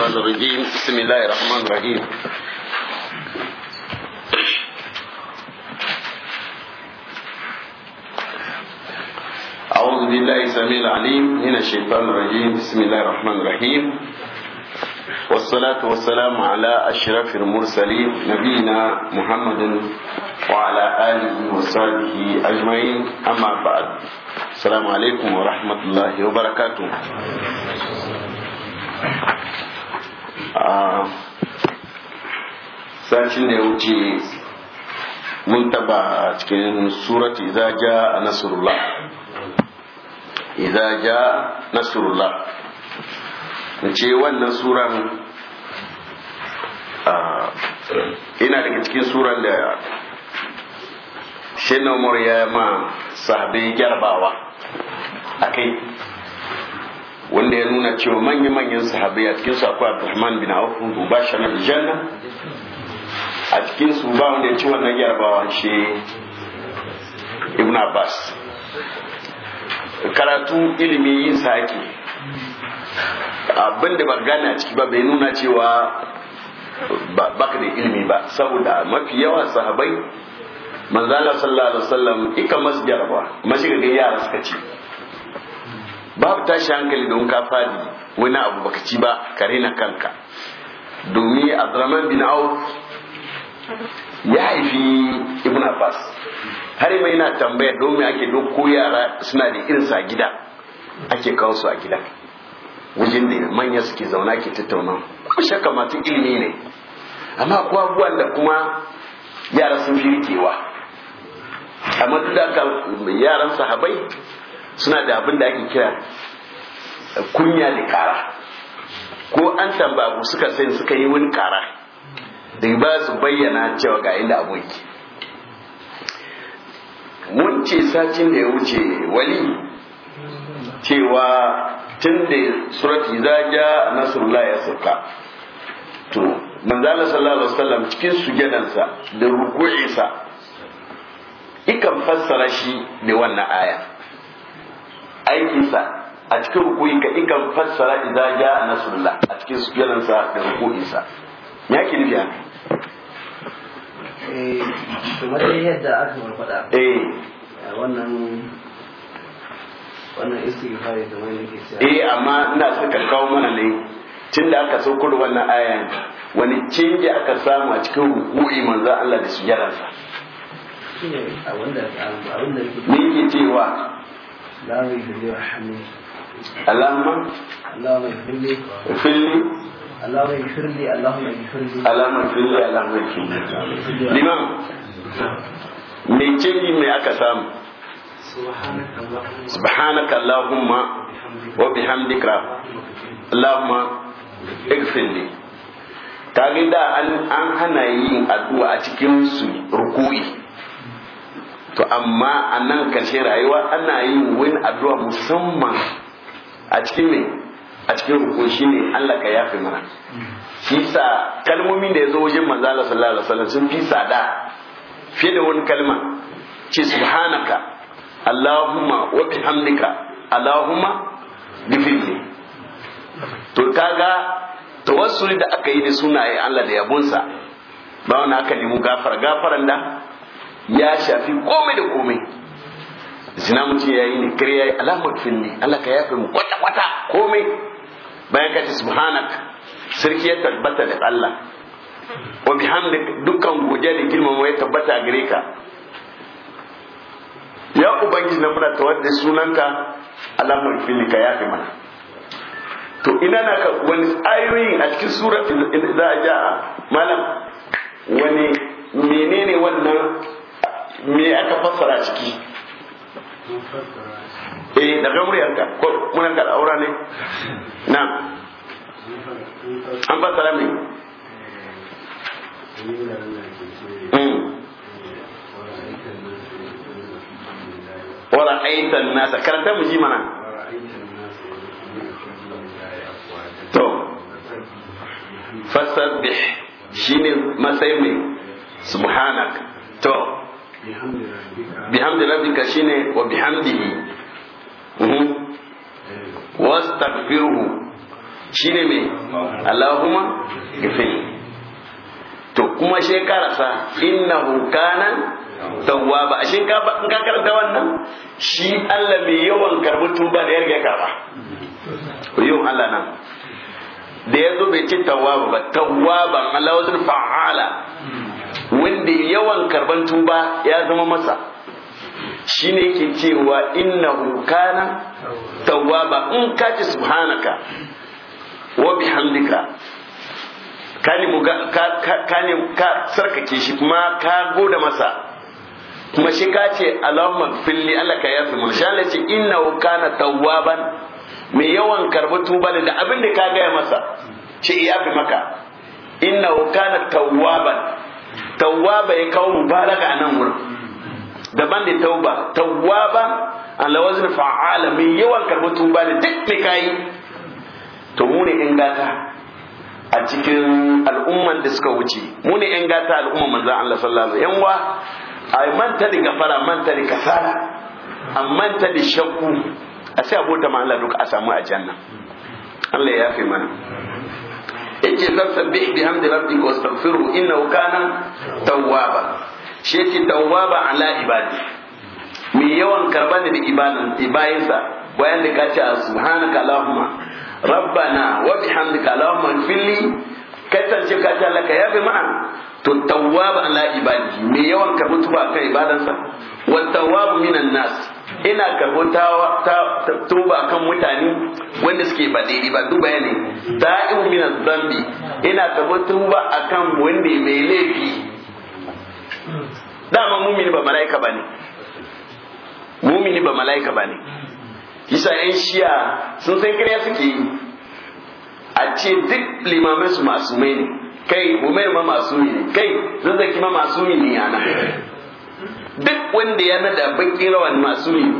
الشيطان الرجيم بسم الله الرحمن الرحيم أعوذ بالله السميع العليم من الشيطان الرجيم بسم الله الرحمن الرحيم والصلاة والسلام على أشرف المرسلين نبينا محمد وعلى آله وصحبه أجمعين أما بعد السلام عليكم ورحمة الله وبركاته Ah, satin da ya wuce mun taba cikin surati idza jaa a idza jaa nasrullah ce wannan suran ah, ina daga cikin suran da shi na umar ya ma sahabai gyarbawa a kai wanda ya nuna cewa manya-manyan sahabai a cikin akwai Abdulrahman bin Auf ba shi na janna a cikin su ba wanda ya ci wannan yarbawa shi Ibn Abbas karatu ilimi yin sake abin da ba gane a ciki ba bai nuna cewa baka da ilimi ba saboda mafi yawa sahabai manzala sallallahu alaihi wasallam ika masu jarabawa masu ga yara suka ce babu tashi hankali don ka fadi wani abu baka ci ba kare na kanka domin abdurrahman bin auf ya haifi ibn abbas har mai na tambaya domin ake doko yara suna da irin sa gida ake kawo su a gida wajen da manya suke zauna ke tattauna ko shakka matu ilimi ne amma kuwa abubuwan da kuma yara sun fi rikewa amma duk da yaran sahabai suna da abin da ake kira kunya da kara ko an tambabu suka sai suka yi wani kara da ba su bayyana cewa ga inda aboki mun ce sacin da ya wuce wali cewa tun da surati zaja nasrullah ya sauka to manzala sallallahu alaihi wasallam cikin sujadansa da ruku'insa ikan fassara shi da wannan aya aikinsa a cikin rukuyi ka ika fassara idan ya a nasrullah a cikin sujudansa da rukuyinsa me yake nufi haka eh yadda aka faɗa eh. eh wannan wannan istighfari da wani ke cewa eh amma ina so ka kawo mana ne tun da aka so kudu wannan aya wani canji aka samu a cikin rukuyi manzo Allah da sujudansa shine a wanda wanda ne yake cewa اللهم اغفر لي وارحمني اللهم اللهم اغفر لي اغفر لي اللهم اغفر لي اللهم اغفر لي اللهم اغفر لي اللهم اغفر لي الإمام aka samu subhanaka allahumma wa da an hana yin addu'a a cikin su ruku'i to amma a nan karshe rayuwa ana yin wani addu'a musamman a cikin ne a cikin rukun shi ne Allah ka yafe mana shi sa kalmomin da ya zo wajen maza sallallahu alaihi wasallam sun fi sada fiye da wani kalma ce subhanaka allahumma wa bihamdika allahumma ne. to kaga tawassuli da aka yi da sunaye Allah da yabonsa ba wani aka nemi gafara gafaran da ya shafi komai da komai zina mutum ya yi ne kare ya yi alamar finne Allah ka yafe mu kwata-kwata komai bayan ka ci subhanak sarki ya tabbata da Allah wa bihamdik dukkan goje da girmama ya tabbata gare ka ya ubangiji na muna tawar da sunanka alamar finne ka yafe mana to ina na ka wani ayoyin a cikin sura za a ja malam wani menene wannan me aka fassara ciki eh daga muryarka ko mun ga aura ne na an fassara me hmm. Wala aitan nasa karanta mu ji mana to fasabbih shine matsayin subhanak to bihamdi rabbika shine wa bihamdihi mhm. wastaghfiruhu shine me Allahumma gafir to kuma she karasa innahu kana tawwaba ashe ka ka karanta wannan shi Allah mai yawan karbi tuba da yarge karba yau Allah nan da yazo bai ce tawwaba ba tawwaban Allah fa'ala wanda yawan karban tuba ya zama masa shi ne ke cewa hukana kana ba in ka ce subhanaka wa bihamdika ka ne ka sarkake shi kuma ka goda masa kuma shi ka ce alamma filli Allah ka yafi mun sha Allah ce hukana kana tawwaban mai yawan karbi tuba ne da abin da ka gaya masa ce ya fi maka hukana kana tawwaban tawwaba ya kawo mubaraka a nan wurin daban da tauba tawwaba ala wazn fa'ala mai yawan karbi tuba da duk me kai to mu ne in gata a cikin al'umman da suka wuce mu ne in gata al'umman manzon Allah sallallahu alaihi wasallam yan wa ai manta da gafara manta da kasala a ta da shakku a sai abota ma Allah duka a samu a janna Allah ya fi mana yace fasabbih bihamdi rabbika wastaghfiru innahu kana tawwaba shi yake tawwaba ala ibadi mi yawan karban da ibadan ibayinsa bayan da kace subhanaka allahumma rabbana wa bihamdika allahumma fili kasance ka ce Allah ka yafe mana to tawwaba ala ibadi mi yawan karbi tuba kan ibadansa wa tawwabu minan nas ina karɓo ta tuba kan mutane wanda suke ba daidai ba duba ta da'in mina zambi ina karɓo tuba akan wanda mai laifi dama mumini ba mala'ika bane mumini ba mala'ika bane kisa yan shiya sun san kiriya suke yi a ce duk limamai su masu ne kai umar ma masu ne kai zazzaki ma masu ne yana duk wanda ya nada bakin rawan masu yi.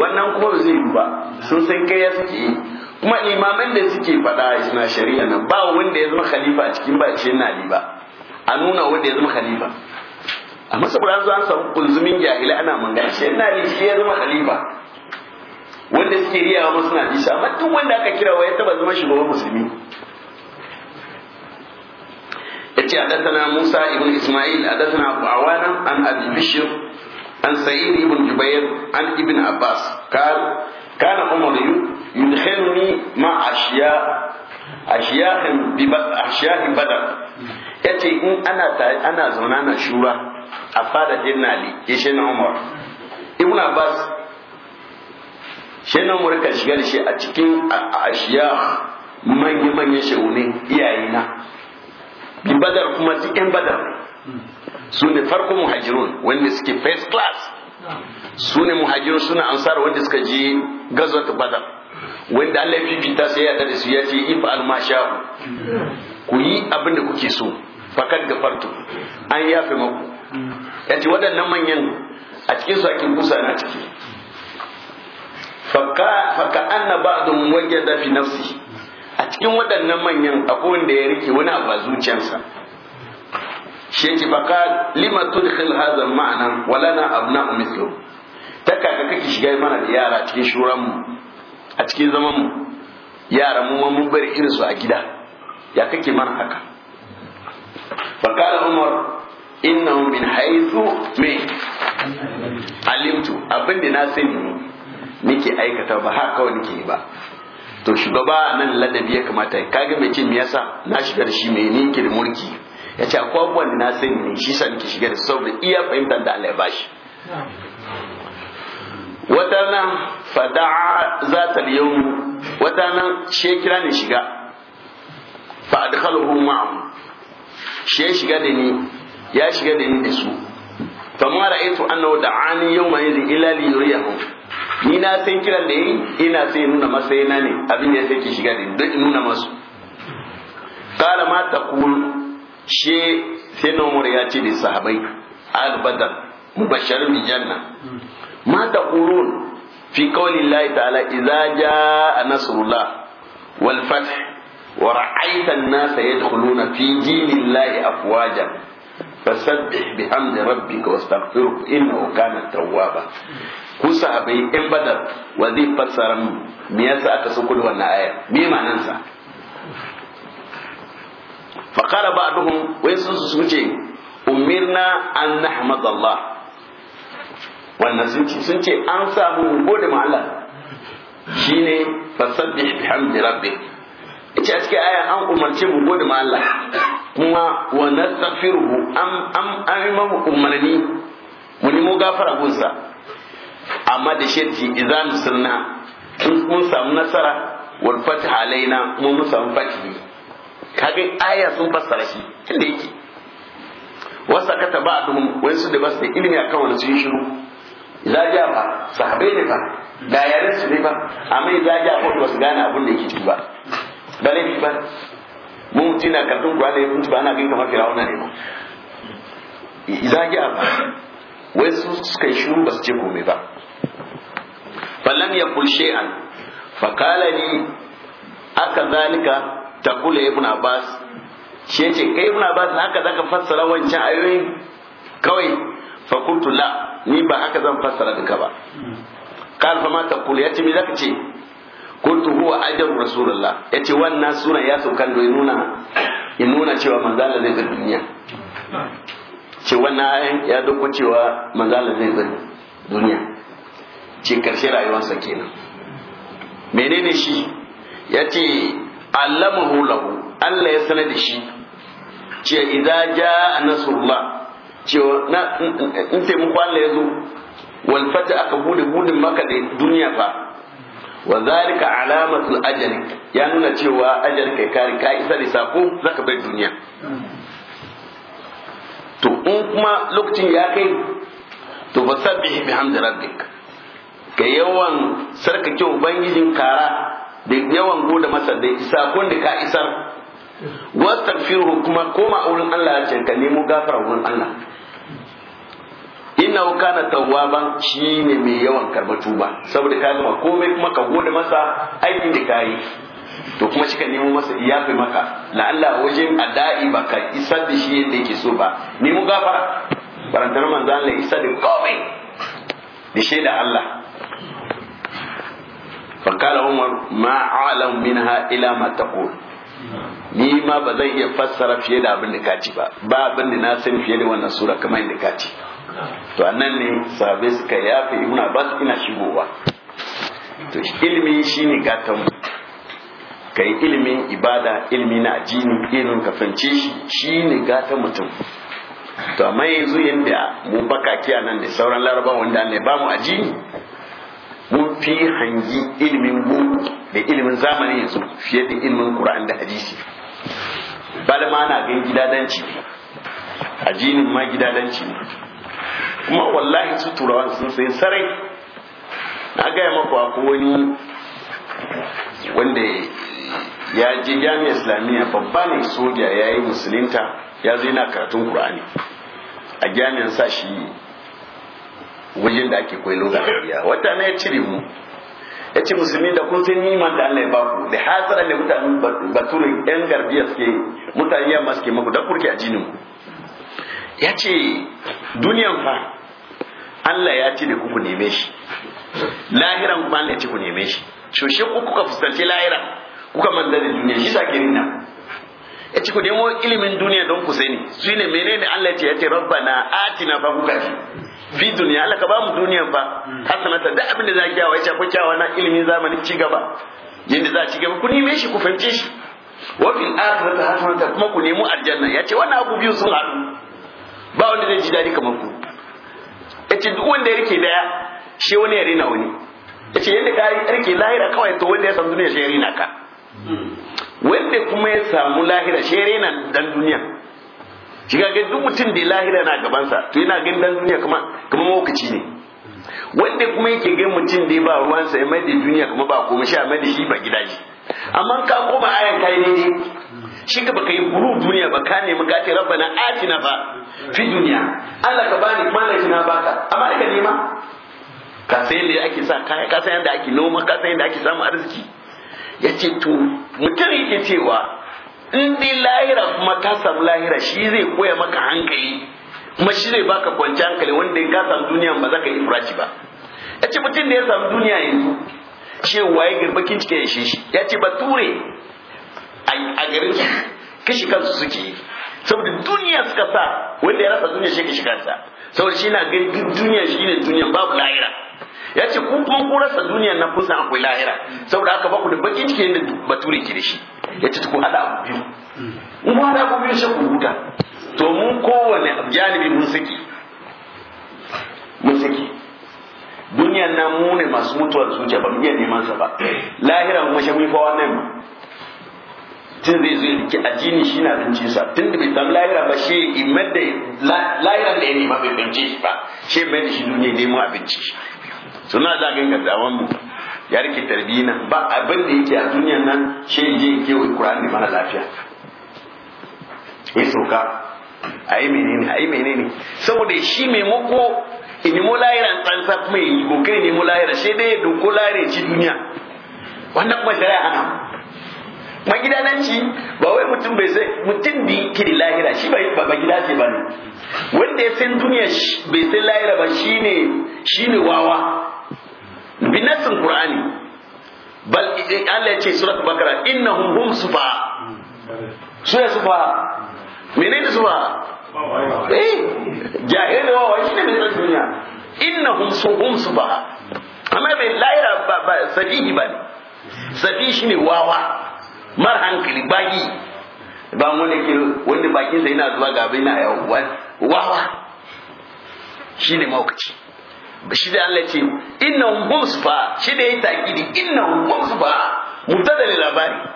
wannan kuma zai yi ba sun san kai suke yi kuma imaman da suke faɗa cikin shari'a nan ba wanda ya zama khalifa a cikin bace na ba a nuna wanda ya zama khalifa amma saboda an zo an samu kunzumin jahila ana magana shi na ne shi ya zama khalifa wanda suke riyawa masu na bisa amma duk wanda aka kira wa ya taba zama shugaban musulmi yace hadathana Musa ibn Isma'il hadathana Abu Awana an Abi Bishr an Sa'id ibn Jubair an Ibn Abbas قال كان عمر يدخلني مع أشياء أشياء أشياء bada yace in ana ana zauna na shura a fara dinna ali ya shi na umar ibn abbas shi na umar kan shiga da shi a cikin ashiya manya manya shehune iyayena bi badar kuma duk yan badar su ne farko muhajirun wanda suke first class su ne muhajirun suna ansar wanda suka je gazwat badar wanda Allah ya fifita sai ya da su ya ce if almashahu ku yi abin da kuke so fakat farto an yafe maku ya ce waɗannan manyan a cikin su ake kusa na ciki faka anna ba'dun wajen fi nafsi. a cikin waɗannan manyan akwai wanda ya rike wani abu a zuciyarsa shi yace fa qal lima tudkhil hadha ma'ana mana abna'u mithlu ta kaka kake shiga mana da yara cikin shuran a cikin zaman mu yara mu mun bari irin su a gida ya kake mana haka fa umar innahu min haythu me alimtu abinda na sani nake aikata ba haka kawai nake ba to shugaba nan ladabi ya kamata ya kage mai cin yasa na shiga da shi mai ninkir mulki ya ce akwai da na sai ne shi sa nake shiga da saboda iya fahimtar da Allah ya bashi wata nan fada'a za ta yau wata nan kira ne shiga fa adkhaluhu ma'am she shiga da ni ya shiga da ni da su fa ma ra'aytu annahu da'ani yawma yuri ila liyuriyahum ni na san kiran da yayi ina sai nuna masa yana ne abin da sai ki shiga da in nuna masu kala ma taqul she sai na umar ya ce da sahabai al badar mubashshar bi janna hmm. ma taqulun fi qawli llahi ta'ala idza jaa nasrullah wal fath wa ra'aita an-nasa yadkhuluna fi dinillahi afwaja fasabbih bihamdi rabbika wastaghfirhu innahu kana tawwaba hmm. ku sahabai in badar wa zai fassara me yasa aka so kudu wannan ayar me ma'anar sa fa qala ba'duhum wai sun su suce umirna an nahmadallah wannan sun ce sun ce an samu gode ma Allah shine fasabbih bihamdi rabbik ita a cikin ayan an umarce mu gode ma Allah kuma wa nastaghfiruhu am am an umarni mu nemo gafara gunsa amma da shirki idan sunna in mun samu nasara wal fatih alaina mun mun samu fatih kaga aya sun fassara shi inda yake wasa ka taba adum wai su da basu da ilimi akan wani sun shiru idan ja ba sahabbai ne ba da yaren su ne ba amma idan ja ko wasu gane abin da yake ci ba ba ba mun tina kartun kuwa da ya ba ana ganin kamar firawuna ne ba idan ja ba wai su suka yi shiru ba su ce komai ba فلم يقل شيئا فقال ni aka zalika ta kula ibn abbas shi yace kai ibn abbas na haka zaka fassara wancan ayoyi kawai fa kuntu la ni ba haka zan fassara duka ba kal fa ma kula yace me zaka ce kuntu huwa ajru rasulullah yace wannan sura ya sauka do nuna in nuna cewa manzala zai ga duniya ce wannan ayan ya dauko cewa manzala zai ga duniya ce karshe rayuwarsa kenan menene shi ya ce allamahu lahu Allah ya sanar da shi ce idza jaa nasrullah cewa na in taimako Allah ya zo wal fata aka bude budin maka da duniya fa wa zalika alamatul ajali ya nuna cewa ajal kai kari ka isa da sako zaka bar duniya to in kuma lokacin ya kai to fasabbih bihamdi rabbika ga yawan sarkake ubangijin kara da yawan goda masa da sakon da ka isar wastaghfiruhu kuma koma wurin Allah ya cinka nemo gafara wurin Allah inna kana tawwaban shine mai yawan karba tuba saboda ka gama komai kuma ka gode masa aikin da kai to kuma shi ka nemo masa iyafi maka la Allah a adai ba ka isar da shi yadda yake so ba nemo gafara barantar manzo Allah isa da komai da shaida Allah فقال عمر ما alam منها ila ما تقول ni ma ba zan iya fassara fiye da abin da kaci ba ba abin da na san fiye da wannan sura kamar yadda kaci to annan ne sabe suka yafe ibn abbas ina shigowa to ilimi shine gatan kai ilimin ibada ilimi na ajini ilimin kafance shi shine gatan mutum to amma yanzu yanda mu bakaki nan da sauran laraba wanda ne ba mu ajini mun fi hangi ilimin boko da ilimin zamani yanzu fiye da ilimin Qur'an da hadisi balma na gan gidadanci ajinin ma gidadanci kuma wallahi su turawan sun sai sarai na gaya maku ko wani wanda ya je jami'a islamiyya babba ne soja ya yi musulinta ya zai na karatun Qur'ani a jami'an sa shi wajen da ake koyo lokacin arabiya wata ne ya cire mu ya ce musulmi da kun san niman da Allah ya baku da hasaran da mutanen bature ɗan garbiya suke mutane yamma suke maku da kurki a jinin ya ce duniyan fa Allah ya ce ne ku neme shi lahiran kuma Allah ya ce ku neme shi shi ku kuka fuskanci lahira kuka manta da duniya shi sa kirin nan ya ce ku nemo ilimin duniya don ku sani su ne menene Allah ya ce ya ce rabbana atina fa ku kafi fi duniya Allah ka ba mu duniyan fa hasanata hmm. da abin da za ki yawa ya shafi kyawa na ilimin zamani ci gaba yadda za ci gaba ku nime shi ku fahimce shi wa fil akhirati hasanata kuma ku nemi aljanna ya ce wannan abu biyu sun haɗu ba wanda zai ji dadi kamar ku ya ce duk wanda ya rike daya shi wani ya rina wani ya ce yadda ka rike lahira kawai to wanda ya san duniya shi ya rena ka hmm. wanda kuma ya samu lahira shi ya rina dan duniya shi ga duk mutum da lahira na gabansa to yana ganin dan duniya kuma kuma mawukaci ne wanda kuma yake gan mutum da ba ruwan ya mai da duniya kuma ba komai shi a mai da shi ba gida shi amma ka koma ayan kai ne shi ka baka yi guru duniya ba ka nemi gati rabbana atina fa fi duniya Allah ka bani mana shi na baka amma ka nema ka san yadda ake sa kaya ka san yadda ake noma ka san yadda ake samu arziki yace to mutum yake cewa in lahira kuma ka samu lahira shi zai koya maka hankali kuma shi zai baka kwanci hankali wanda ya ka samu duniya ba za ka yi furaci ba ya ce mutum da ya samu duniya yanzu cewa ya girbakin cike ya shi ya ce bature a garin kashi kansu suke yi saboda duniya suka sa wanda ya rasa duniya shi kashi kansa saboda shi na ganin duniya shi ne duniya babu lahira ya ce kun kuma ku rasa duniyar nan kun san akwai lahira saboda haka ba ku da bakin ciki yadda bature ke da shi ya ce ku hada abu biyu in ku hada abu biyu sai ku huta to mun kowane janibi mun saki mun saki duniyar nan mu ne masu mutuwar zuciya ba mu iya neman sa ba lahira mu shi mun fa wannan tun zai zo yake ajini shi na binci sa tun da bai samu lahira ba shi imar da lahira da ya nema bai binci shi ba shi mai da shi duniya nemo abinci suna za ga gaddawan mu ya rike tarbiyya ba abin da yake a duniyar nan shi je ke wa Qur'ani mana lafiya Ya soka ayi menene ayi menene saboda shi maimako in nemo lahiran tsantsa kuma yi kokari ne lahira shi dai doko lahira ci duniya wannan kuma shari'a hana magidananci ba wai mutum bai sai mutum bi yake da lahira shi bai ba gida ce ba ne wanda ya san duniya bai san lahira ba shine shine wawa binassin qur'ani bal Allah ya ce surat bakara innahum hum sufa su ya sufa menene sufa eh jahili wa wai ne mai duniya innahum suhum sufa amma bai laira ba ba safihi ba safi shine wawa mar hankali bagi ba mu ne ke wanda bakin sa yana zuwa gaba yana yawa wawa shine maukaci shi da Allah ce inna hum sufa shi da yayi takidi inna hum sufa mubtada lil labari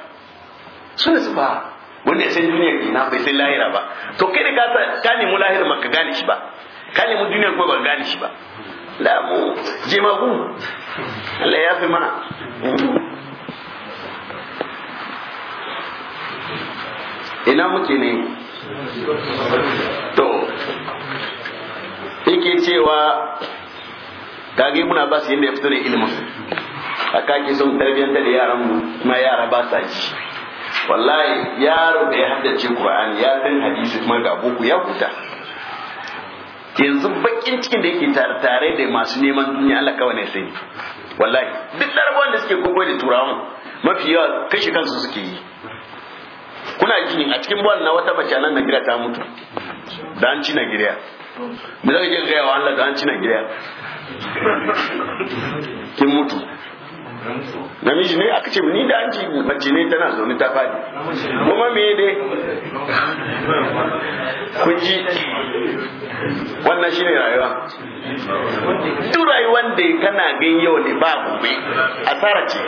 sun sufa wanda ya san duniya ke na bai sai lahira ba to kai ka ta kani mu lahira maka ka gane shi ba kani mu duniya ko ba gane shi ba la mu jemagu Allah ya fi mana ina muke ne to yake cewa kage muna ba su yadda ya fito da ilimin a ke son tarbiyyanta da yaran mu kuma yara ba sa ji wallahi yaro da ya haddace Qur'ani ya san hadisi kuma ga boko ya huta yanzu bakin cikin da yake tare da masu neman duniya Allah kawai ne sai wallahi duk larabawan da suke gogo da turawan mafi yawa kashe kansu suke yi kuna ji a cikin buwan na wata mace nan Najeriya ta mutu da an ci Najeriya me zaka ga wa Allah da an ci Najeriya kin mutu namiji ne aka ce ni da an ji mace ne tana zaune ta fadi kuma me dai kun ji wannan ne rayuwa duk rayuwan da kana gan yau ne ba gobe asara ce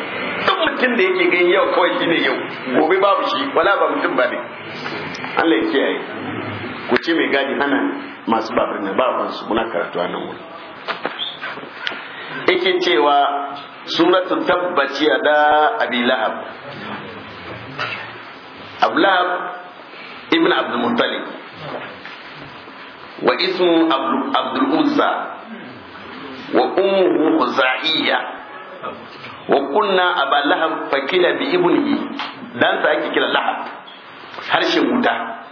duk mutum da yake gan yau kawai ne yau gobe babu shi wala ba mutum ba ne Allah ya kiyaye ku ce mai gadi ana masu babu ne ba su muna karatu a nan yake cewa suratu tabbaci da abi lahab ablab ibn abdulmuntali wa ismu abdul wa ummuhu za'iya wa kunna aba lahab fakila bi ibnihi dan sa ake kira lahab harshen wuta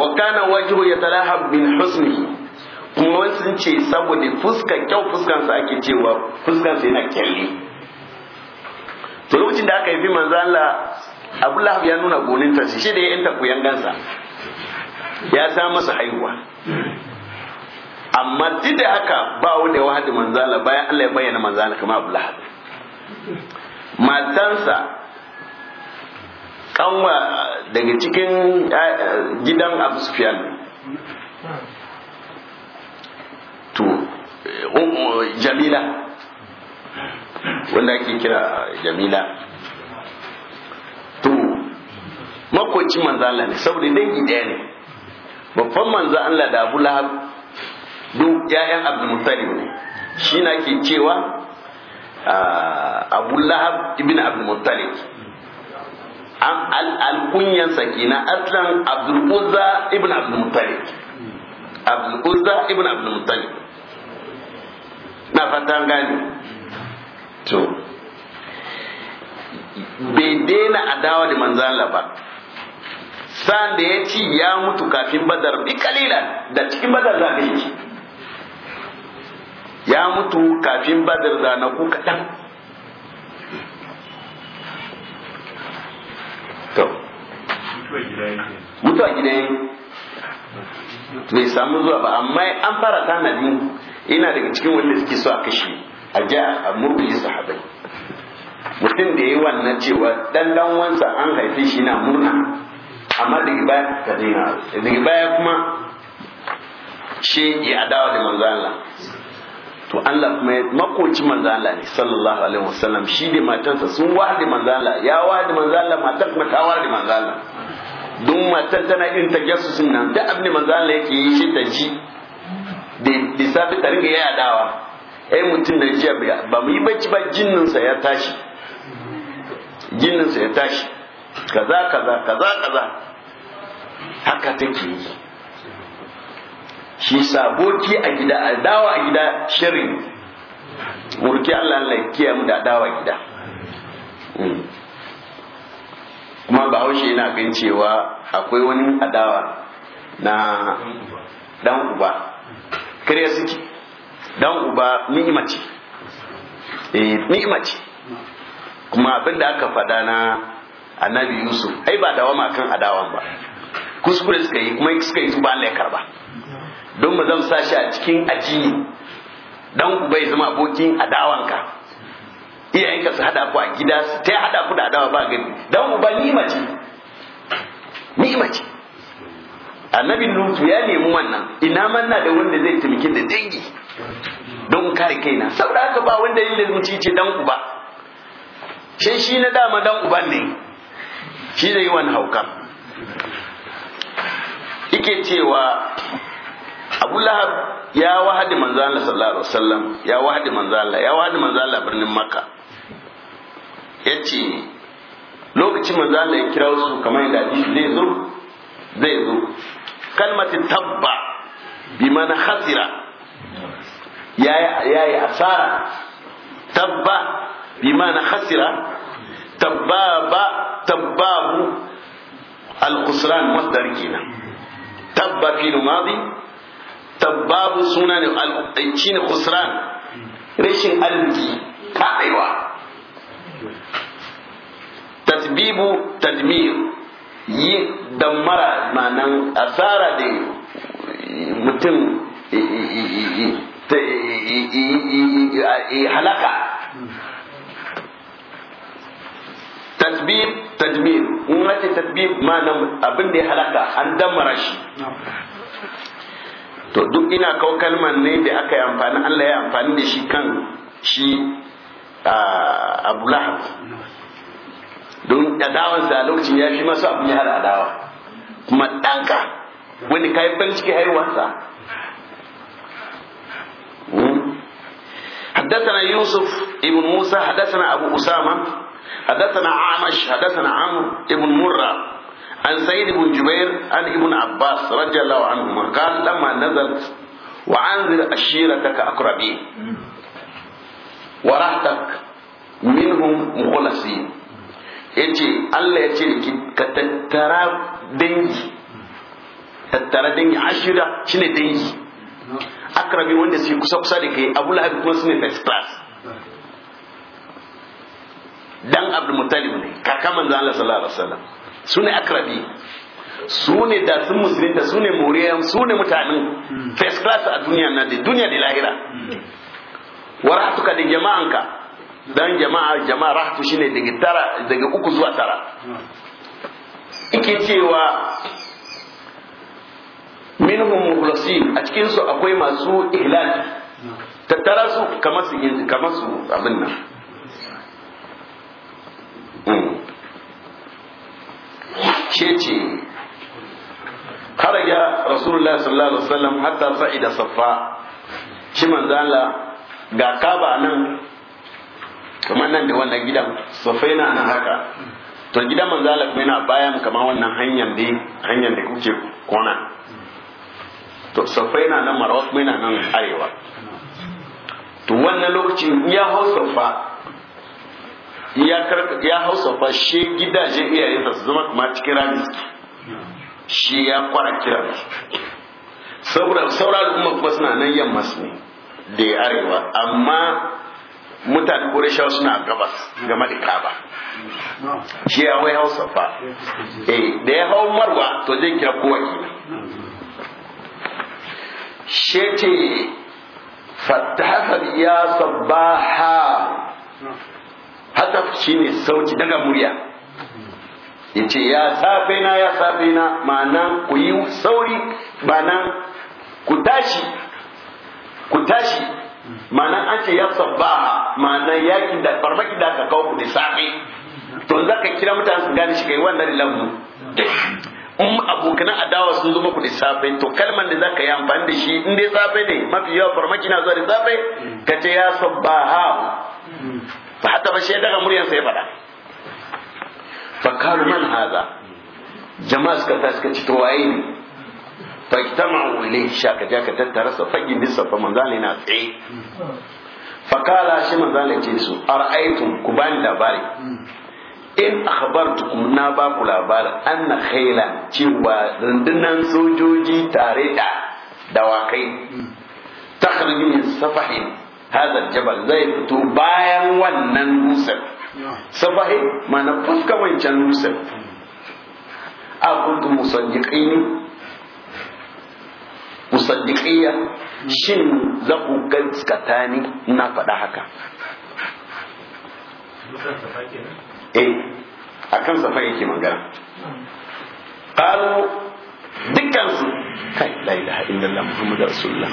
wa kana ya talaha bin husni kuma sun ce saboda fuska kyau fuskansa ake cewa fuskansa yana kyalle to lokacin da aka yi manzo Allah ya nuna gonin ta shi da ya yanta kuyan gansa ya sa masa haihuwa amma duk da haka ba wanda ya manzo manzala bayan Allah ya bayyana manzala kamar Abu Lahab matansa kanwa daga cikin eh, gidan abu sufiyan to eh, um, jamila wanda ake kira jamila to makwacin manzala ne saboda dangi ɗaya ne babban manza Allah da Abu Lahab duk ƴaƴan Abdul Muttalib ne shi na ke cewa ah, Abu Lahab ibn Abdul an al'alkunyansa sakina aslan abdul uzza ibn abdul muttalib abdul uzza ibn abdul muttalib na fatan gani to bai daina adawa da manzala ba san da ya ci ya mutu kafin badar bi kalilan da cikin badar za ka yi ya mutu kafin badar zanaku kaɗan to mutuwa gida yi bai samu zuwa ba amma an fara tanadi ina daga cikin wanda suke so a kashe a ja a murkuyi sahabai mutum da ya yi wannan cewa dan wansa an haife shi na murna amma daga baya ta daga baya kuma shi ya adawa da manzo Allah to Allah kuma ya makoci manzo Allah ne sallallahu alaihi wasallam shi da matansa sun wadi manzo Allah ya wadi manzo Allah matan kuma ta wadi manzo Allah don matan tana irin ta gasu sun nan da abin manzo Allah yake yi shi da ji da lissafi ta ringa ya dawa ai mutum da jiya ba mu yi bacci ba jinninsa ya tashi jinninsa ya tashi kaza kaza kaza kaza haka take yi shi saboki a gida dawa a gida shirin murki Allah Allah kiyaye mu da dawa gida mm. kuma bahaushe yana gan cewa akwai wani adawa na dan uba kare suke dan uba ni'ima ce eh ni'ima ce kuma abin da aka faɗa na annabi yusuf ai ba dawama kan adawan ba kuskure suka yi kuma suka yi su ba Allah ya karba don ba zan sashi a cikin ajiyi dan bai zama abokin adawanka iyayenka su hada ku a gida su ta hada ku da adawa ba gani dan ba ni'ima ce ni'ima ce annabi lutu ya nemi wannan ina manna da wanda zai taimake da dangi don kare kaina saboda haka ba wanda yin lalmuci ce dan uba shi shi na dama dan uban ne shi zai yi wani hauka ike cewa Abu Lahab ya wahadi manzo Allah sallallahu alaihi wasallam ya wahadi manzo Allah ya wahadi manzo Allah birnin Makka yace lokacin manzo Allah ya kira su kamar yadda hadisi zai zo zai zo kalmatin tabba bi mana khasira yayi yayi asara tabba bi mana khasira tabbaba tabbabu al-khusran masdar kenan tabba fi al-madi tabbabun suna ne shi ne khusran rashin arziki kaɗaiwa tasbibu tadmir yi damara manan asara da mutum halaka tasbib tadmir in ce tasbib manan abin da ya halaka an damara shi to duk ina kawo kalman ne da aka yi amfani Allah ya amfani da shi kan shi Abu don adawansa a lokacin ya fi masu abin yara adawa kuma ɗanka wani kayan ban ciki haihuwarsa حدثنا يوسف ابن موسى حدثنا ابو اسامه حدثنا عامش حدثنا عمرو ابن مرة عن سيد بن جبير عن ابن عباس رضي الله عنهما قال لما نزلت وعنذر عشيرتك أقربين ورحتك منهم مخلصين yace Allah ya ce ka tattara dangi tattara dangi ashira shine dangi akrabi wanda suke kusa kusa da kai Abu Lahab kuma sune first class dan Abdul Muttalib ne kaka manzo Allah sallallahu su ne akrabi su ne da sun musulunta su ne moriyan su ne mutanen first class a duniya na duniya da lahira waratuka da jama'anka dan jama'a jama'a rahatu shine daga tara daga uku zuwa tara ike cewa minhum mukhlasin a cikin su akwai masu ihlal tattara su kamar su kamar su abin nan hmm. ce ce kharaja rasulullah sallallahu alaihi wasallam hatta sa'ida saffa shi manzala ga kaba nan kamar nan da wannan gidan safai na nan haka to gidan manzala kuma yana bayan kamar wannan hanyar da hanyar da kuke kona to safai na nan marawa kuma yana nan arewa to wannan lokacin ya hau safa ya karka ya hausa fa shi gidajen iyayensa su zama kuma cikin rami shi ya kwara kira saboda saura al'umma kuma suna nan yamma su ne da arewa amma mutane shawar suna gabas game da kaba shi ya wai hausa fa eh da ya hau marwa to zai kira kowa kenan shi ce fattaha ya sabaha hadaf shine sauti daga murya yace ya safe na ya safe na ma'ana ku yi sauri bana ku tashi ku tashi ma'ana an ce ya sabba ma'ana yaki da farmaki da aka kawo ku da safe to za ka kira mutane su gane shi kai wannan lamu in abokan adawa sun zo muku da safe to kalman da zaka yi amfani da shi in dai safe ne mafi yawa farmaki na zuwa da safe ka ce ya sabbaha fa hada ba shi daga muryar sai fada fa kalu man haza jama'a suka ta suka ci to waye ne fa itama'u ilayhi shaka ja ka tattara sa fa gindi sa fa manzali na tsaye fa kala shi manzali ce su ara'aytum ku bani labari in akhbartukum na ba ku labarin anna khaila, cewa rundunan sojoji tare da dawakai ta min safahin hazar jabal zai fito bayan wannan dutsen sabahi mana fuska wancan dutsen a kuntu musaddiqini musaddiqiyya shin za ku gaskata ni na faɗa haka eh akan safa yake magana qalu dukkan su kai la ilaha illallah muhammadur rasulullah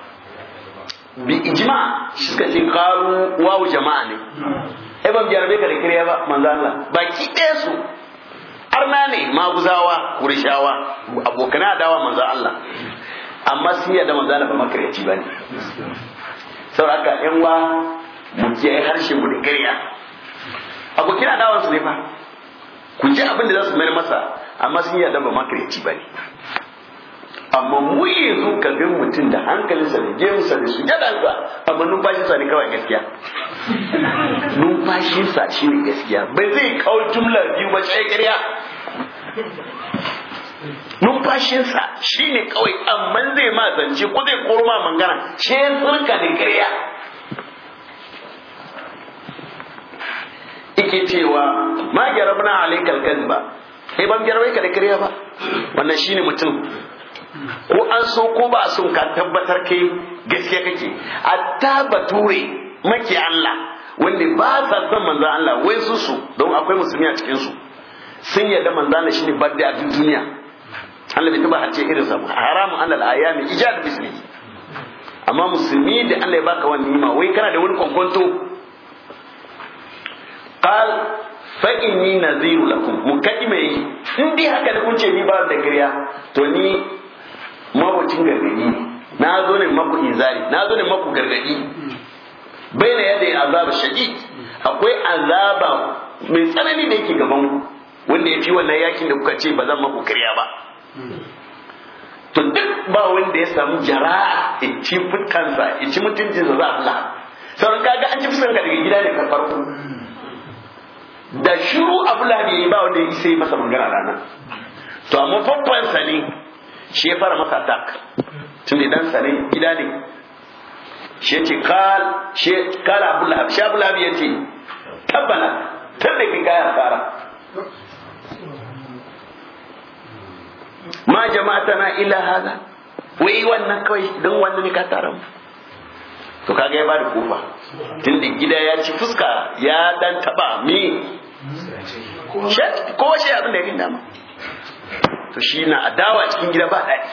bi ijma shi suka ce wa wawu jama'a ne ai hmm. eh, ban jarabe ka da kiriya ba manzo Allah baki ɗaya su arna ne maguzawa kurishawa abokan dawa manzo Allah amma sun yarda manzo Allah ba makariyaci bane sauraka yan wa mu ai harshe mu da kiriya abokin adawan su ne fa ku ji abin da za su mayar masa amma sun yarda ba makariyaci bane amma mu yanzu ka ga mutum da hankalinsa da gemsa da su jadansa amma numfashinsa ne kawai gaskiya numfashinsa shi ne gaskiya bai zai kawo jumlar biyu ba sai ƙarya numfashinsa shi ne kawai amma zai ma zance ko zai koro ma mangana shi ya tsirka da ƙarya ike cewa ma gyarabna alaikal kadba sai eh, ban gyarabe ka da ƙarya ba wannan shine mutum ko an so ko ba son ka tabbatar kai gaskiya kake hatta bature maki Allah wanda ba sa son manzo Allah wai su su don akwai musulmi a cikin su sun yarda manzo Allah shine badde a duniya Allah bai taba hace irin sa haramun alal ayami ijad bismi amma musulmi da Allah ya baka wannan nima wai kana da wani kwankwanto qal fa inni nadhiru lakum mukaddima yi in haka da kun ni ba da kariya to mabucin gargadi na zo ne maku inzari na zo ne maku gargadi bai na yadda azaba shaji akwai azaba mai tsanani da yake gaban ku wanda ya fi wannan yakin da kuka ce ba zan maku karya ba to duk ba wanda ya samu jara'a ya ci fuskansa ya ci mutuncinsa za a fula sauran kaga an ci fuskanka daga gida ne ka farko da shiru a fula ne ba wanda ya isa yi masa magana rana. to amma fafansa ne shi ya fara masa attack tun da dan sane gida ne shi yace kal, shi kal abu lahab shi abu lahab yace tabbana tabbai kin ga fara ma na illa hada wai wannan kawai don wannan ne ka tara mu to kaga ya bada kofa da gida ya ci fuska ya dan taba mi ko shi abin da ya ginda ma to shi na adawa cikin gida ba daɗi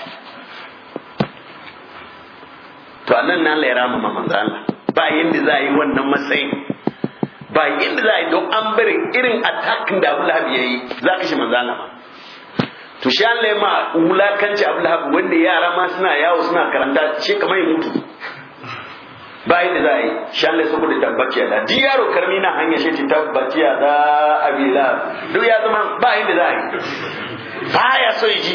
to anan na Allah ya rama ma manzo Allah ba yanda za a yi wannan matsayin ba yanda za a yi don an bari irin attacking da Abdullah ya yi, za ka shi manzo Allah ba to shi Allah ya ma wulakanci Abu wanda yara ma suna yawo suna karanta shi kamar ya mutu ba yadda za a yi shi Allah ya saboda tabbaciya da duk yaro karmi na hanya shi tabbaciya da abila duk ya zama ba yadda za a yi baya so ji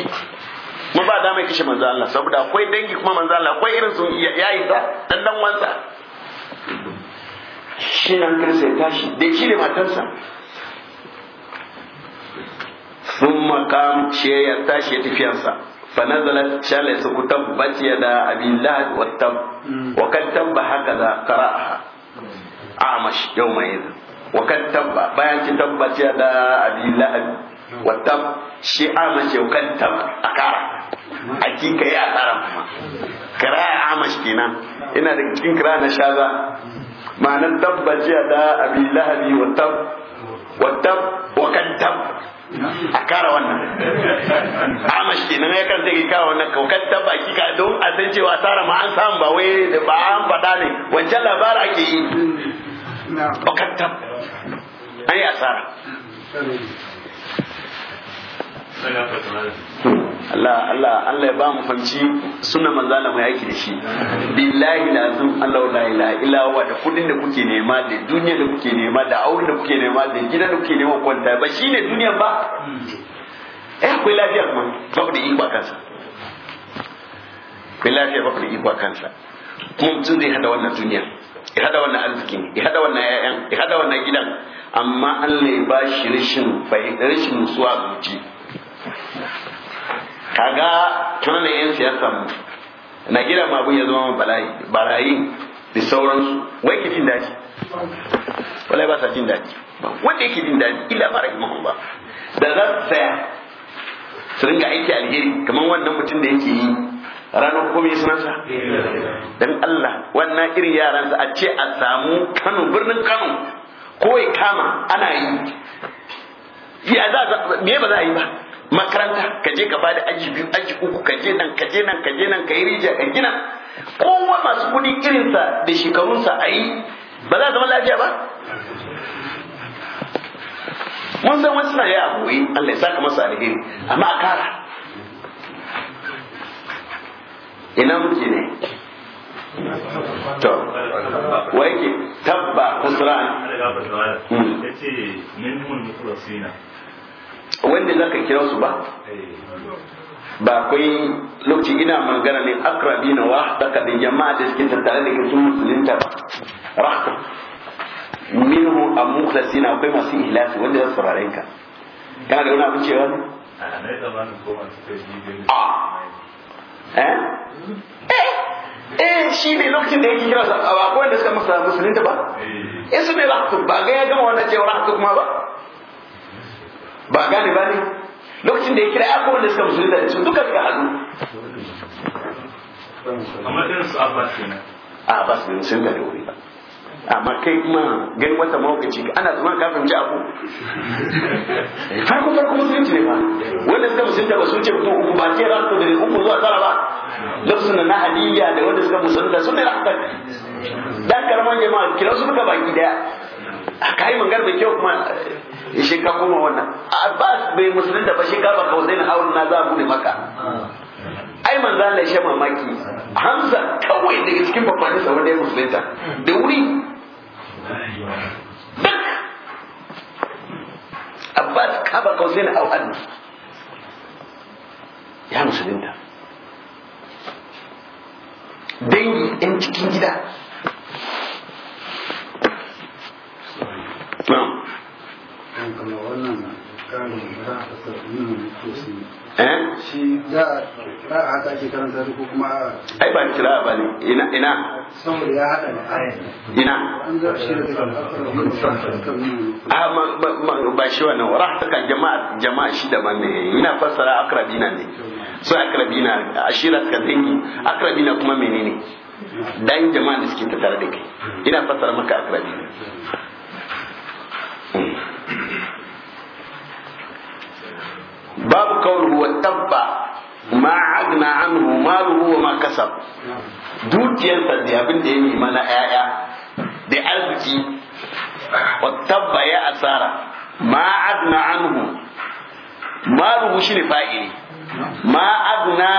mu ba da mai kishi manzo Allah saboda akwai dangi kuma manzo Allah akwai irin su yayi da dan dan wansa shi nan kin sai tashi da shi ne matarsa sun makam ce ya tashi ya tafiyarsa fanazalat shalai su kutan baciya da abillah wa kantan ba haka za kara'aha a mashi yau mai yanzu wa kantan ba bayan ci tabbaciya da abillah wattab shi amash yaukan tab a kara yi a tsara kuma Kira kiraya amash kenan ina da cikin kira na shaza ma'anar tabbaci da abi lahabi wattab wattab tab, a kara wannan amash kenan ya kan take kawo wannan kaukan tab a kika don a san cewa tsara ma an samu ba wai da ba an faɗa ne wancan labara ke yi tab. an yi asara Allah Allah Allah ya ba mu fanci suna manzo Allah mai aiki da shi billahi lazim Allah la ilaha illa huwa da kudin da kuke nema da duniya da kuke nema da auren da kuke nema da gidan da kuke nema kwanta ba shine duniya ba eh kai lafiya kuma babu da iko kansa kai lafiya babu da iko kansa kuma mutum zai hada wannan duniya ya hada wannan arzikin ya hada wannan ƴaƴan ya hada wannan gidan amma Allah ya ba shi rashin rashin musuwa zuci kaga da yin siyasa mu na gida ma ya zama bala'i barayi da sauransu wai ki jin daji wallahi ba sa jin daji wanda yake jin daji illa ba da za su tsaya su ringa aiki alheri kamar wannan mutum da yake yi ranar kuma yi sunansa dan Allah wannan irin yaran a ce a samu Kano birnin Kano ko kama ana yi ya za me ba za a yi ba makaranta ka je ka bada aji biyu aji uku ka je nan ka je nan ka je nan ka yi rijiya ka gina kowa masu kudi irinsa da shekarunsa a yi ba za zama lafiya ba mun san wasu na yaya koyi Allah ya saka masa alheri amma a kara ina muke ne to wa yake tabba kusran yace hmm. minimum mukrasina wanda ka kira su ba ba kai lokaci ina magana ne akrabi na wa daga da jama'a da suke tattare da kisun musulunta rahka minhu a mukhlasina akwai masu ihlasi wanda za su saurare ka kana da wani abin cewa ne ah. eh? eh eh shi ne lokacin da yake kira sa akwai wanda suka masa musulunta ba eh, eh su ne rahka ba ga ya gama wannan cewa rahka kuma ba ba gane ba ne lokacin da ya kira akwai wanda suka musulunta da su duka suka haɗu amma irin su abbas ne a abbas ne sun da wuri ba amma kai kuma gani wata mawakaci ana zama kafin ci abu farko farko musulunci ne ba wanda suka musulunta ba sun ce mutum uku ba ke ranko da uku zuwa tara ba lokacin na aliyya da wanda suka musulunta sun ne ranko dan karaman jama'a kira su duka baki daya a kayi mangar mai kyau kuma shi ka kuma wannan abbas bai musulun da ba kaba ka baka husain na za a bude maka ai manzo Allah ya mamaki hamza kawai daga cikin babban isa wanda ya musulunta da wuri duk abbas ka baka husain harun ya musulunta dangi yan cikin gida kamar da ko eh? ai ba kira ba ne ina ina da ina a ah, ba shi wannan rahtaka jama'a jama'a shi da ne ina fassara akrabina ne so akrabina ka dangi akrabina kuma menene dan jama'a da suke tattare da kai ina fassara maka akrabina babu kawai wa tabba ma agna anhu maluhu wa ma kasab dukiyarsa da abin da ya nema na ƴaƴa da arziki wa tabba asara ma agna anhu maluhu shine fa'ili ma agna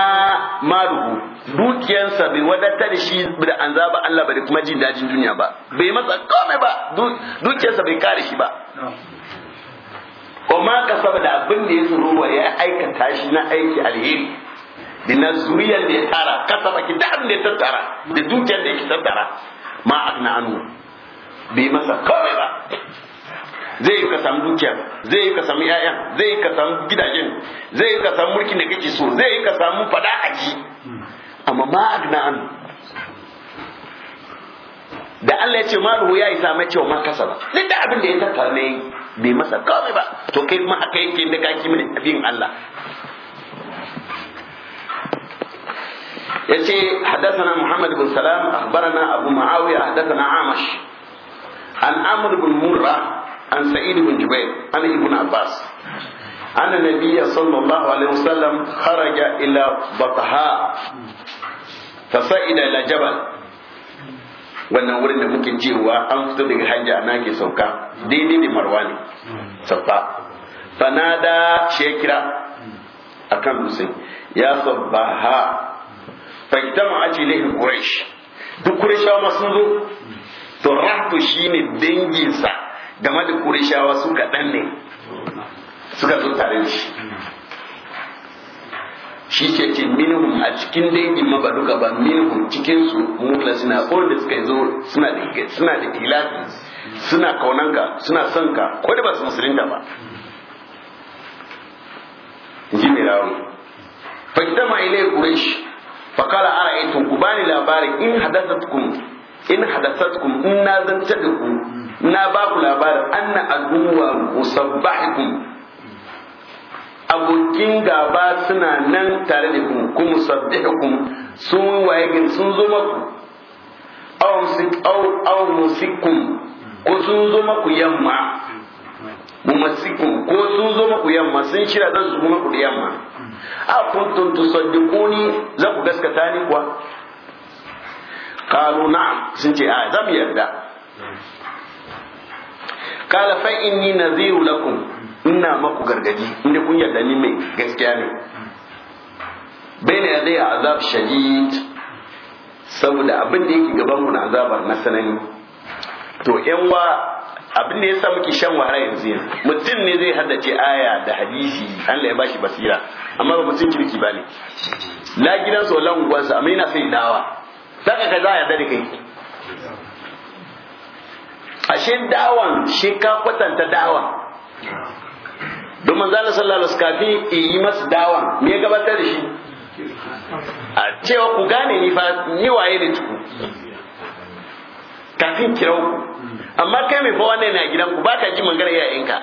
maluhu dukiyarsa bai wadatar da shi da an zaba Allah ba kuma jin dajin duniya ba bai matsa kome ba bai kare shi ba wa ma kasaba da abin da ya zuruwa ya aikata shi na aiki alheri da na zuriyar da ya tara kasaba ki da abin da ya tattara da dukiyar da ya tara. ma akna anu bai masa kawai ba zai yi ka samu dukiya zai yi ka samu yayan zai yi ka samu gidajen zai yi ka samu mulkin da kake so zai yi ka samu fada aji amma ma akna anu da Allah ya ce maluhu ya isa mai cewa ma kasa ba duk da abin da ya tattara ne bai masa kawai ba to kai kuma haka yake da mini abin Allah yace hadathana Muhammad bin Salam akhbarana Abu Muawiya hadathana Amash an Amr bin Murra an Sa'id bin Jubair an Ibn Abbas أن النبي صلى الله عليه وسلم خرج إلى بطحاء فصعد إلى جبل wannan wurin da muke cewa an fito daga hajji ana ke sauka daidai da marwa ne sabba fanada shekira a kan dutsen ya ha fahimta ma aji lehin quraish duk qurayshawa masu zo to shi ne danginsa game da qurayshawa su kaɗan ne suka zo tare da shi shi ke ce minhum a cikin dangin ma ba duka ba minhum cikin su mutla suna wanda suka zo suna da suna da ilafi suna kaunanka suna son ka ko da ba su musulunta ba ji mai rawi fa idama ilai quraish fa qala ara'aytum ku bani in hadathatkum in hadathatkum in na zantar da ku na ba ku labarin anna aduwa musabbahikum abokin gaba suna nan tare da kuma kuma saddakum sun waye sun zo maku aw musikum ko sun zo maku yamma musikum ko sun zo maku yamma sun shira zan su maku da yamma a kuntum tusaddiquni za ku gaskata ni kuwa qalu na'am sun ce a zan yarda qala fa inni nadhiru lakum ina maku gargaji inda kun yarda ni mai gaskiya ne baina ya zai azab shadid saboda abin da yake gaban mu na azabar na sanani to yan wa abin da yasa muke shan wahala yanzu mutum ne zai haddace aya da hadisi Allah ya bashi basira amma ba mutum kirki bane la gidan so lan gwansa amma sai dawa daga kaza ya dare kai ashe dawan shi ka kwatanta dawan don manzo Allah sallallahu alaihi wasallam kafi yi masa dawa me ya gabatar da shi a cewa ku gane ni fa ni waye ne tuku kafin kirau ku amma kai mai fa wannan na gidan ku baka ji magana ka.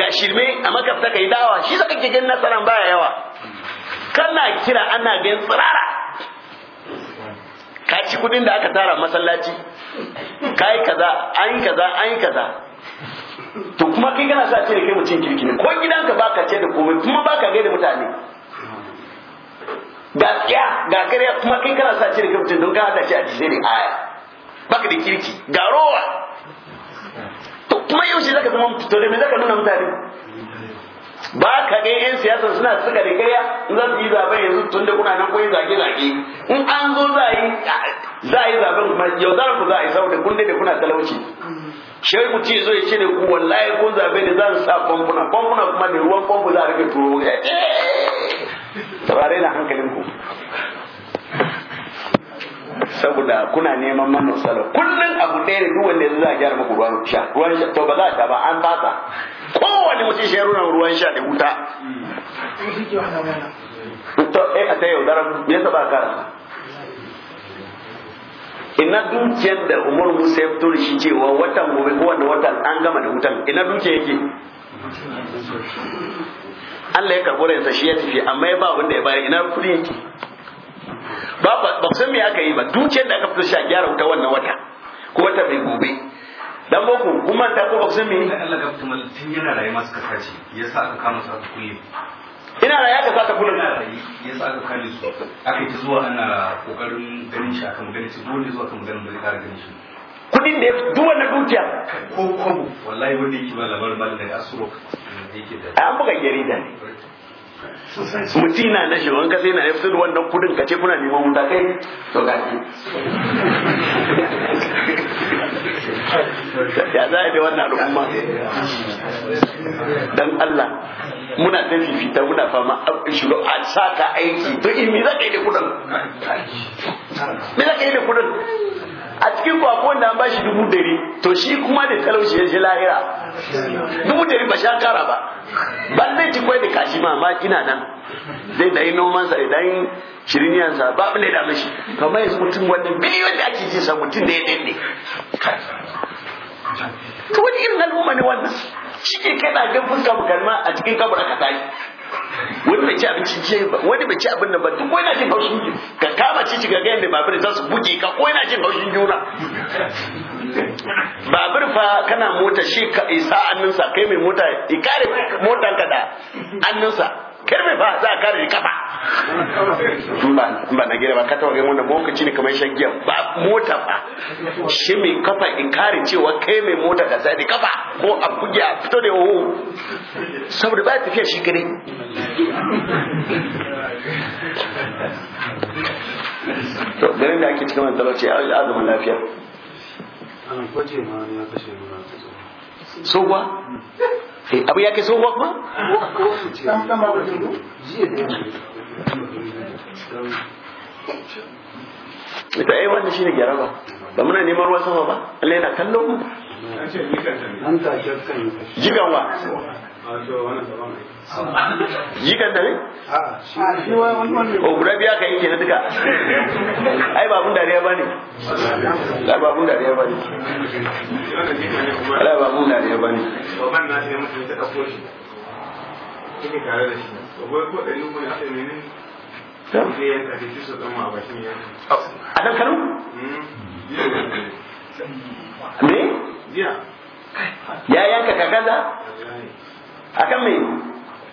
ga shirme a makafta kai dawa shi saka ke ganin nasaran baya yawa kana kira ana gan tsirara ka ci kudin da aka tara masallaci kai kaza an kaza an kaza to kuma kai kana sa ce kai mutum kirki ne ko gidanka baka ce da komai kuma baka da mutane ga tsaya ga kariya kuma kai kana sa ce kai mutum don ka hada shi a jisere aya baka da kirki ga rowa to kuma shi zaka zama to da me zaka nuna mutane ba ka ga yan siyasa suna suka da kariya in za su yi zaben yanzu tun da kuna nan ko zage zage in an zo za a yi za yi zaben kuma zaren ku za a yi saboda kun da kuna talauci shai mutum zo ya ce da ku wallahi kun zabe ne zan sa famfuna famfuna kuma da ruwan famfo za a rike turo ya ce saurare na hankalin ku saboda kuna neman manna salo kullun abu ɗaya ne duk wanda yanzu za a gyara muku ruwan sha ruwan sha to ba za a sha ba an fasa kowane mutum shi runa ruwan sha da wuta to eh a ta yau me yasa ba ka ina dukiyar da umar musa ya fito da shi cewa watan gobe ko wanda watan an gama da wutan ina dukiyar yake Allah ya karɓi ransa shi ya tafi amma ya ba wanda ya bayar ina kuɗi yake ba ba san me aka yi ba dukiyar da aka fito shi a gyara wuta wannan wata ko wata mai gobe dan boko kuma ta ko ba san me Allah ga mutum tun yana rayuwa suka sace yasa aka kama su a ina da ya ka ta kula na tsaye ya sa ka kalli su aka ci zuwa ana kokarin ganin shi akan ganin shi dole zuwa kan ganin ba zai kare ganin shi kudin da ya duk wannan dukiya ko kwabo wallahi wanda yake ba labarin ba daga asuro yake da an buga jarida ne mutum na na shi wanka sai na ya fito wannan kudin ka ce kuna neman wuta kai to ga ki ya za a da wannan al'umma dan Allah muna ta fifita muna fama shiga a saka aiki to in eh, me za ka yi da kudin me za ka yi da kudin a cikin kwakwa wanda an bashi dubu dari to shi kuma da talauci ya je lahira dubu dari ba sha kara ba ban zai ci kwai da kashi ma ma kina nan zai da yi nomansa da yi sa ba abin da ya dame shi kamar yanzu mutum wanda biliyon da ake sa mutum da ya danne to wani irin al'umma ne wannan shike kana ga fuska bugalma a cikin kabura ka tayi wani bai ci abinci jiya ba wani bai ci abin nan ba duk wani jin haushin juna ka kama ci ga gayan mai babur za su buge ka ko yana jin haushin juna babur fa kana mota shi ka isa annansa kai mai mota ikare motanka da annansa karfe ba za a kare ka ba na gida ba ka taba wanda boka ne kamar shan giya ba mota ba shi mai kafa in kare cewa kai mai mota da sai kafa ko a bugi a fito da hoho saboda ba tafiya shi kare to garin da ake cikin wanda talauci ya azumin lafiya an kwaje ma ne ya kashe Eh, abu ya kai sun ba ita ai wannan shine gyara ba ba muna neman ruwa sama ba Allah na kallon mu jigan wa jikan ah, da ah, ne? Ah, o oh, guda biya ka yake na duka ai babun dariya ba ne ai babun dariya ba ne ai babun dariya ba ne babban na mutum ta ɗauko shi kike tare da shi ko ɗari ne ne yanka a nan me? ya yanka oh, hmm. kakaza? akan me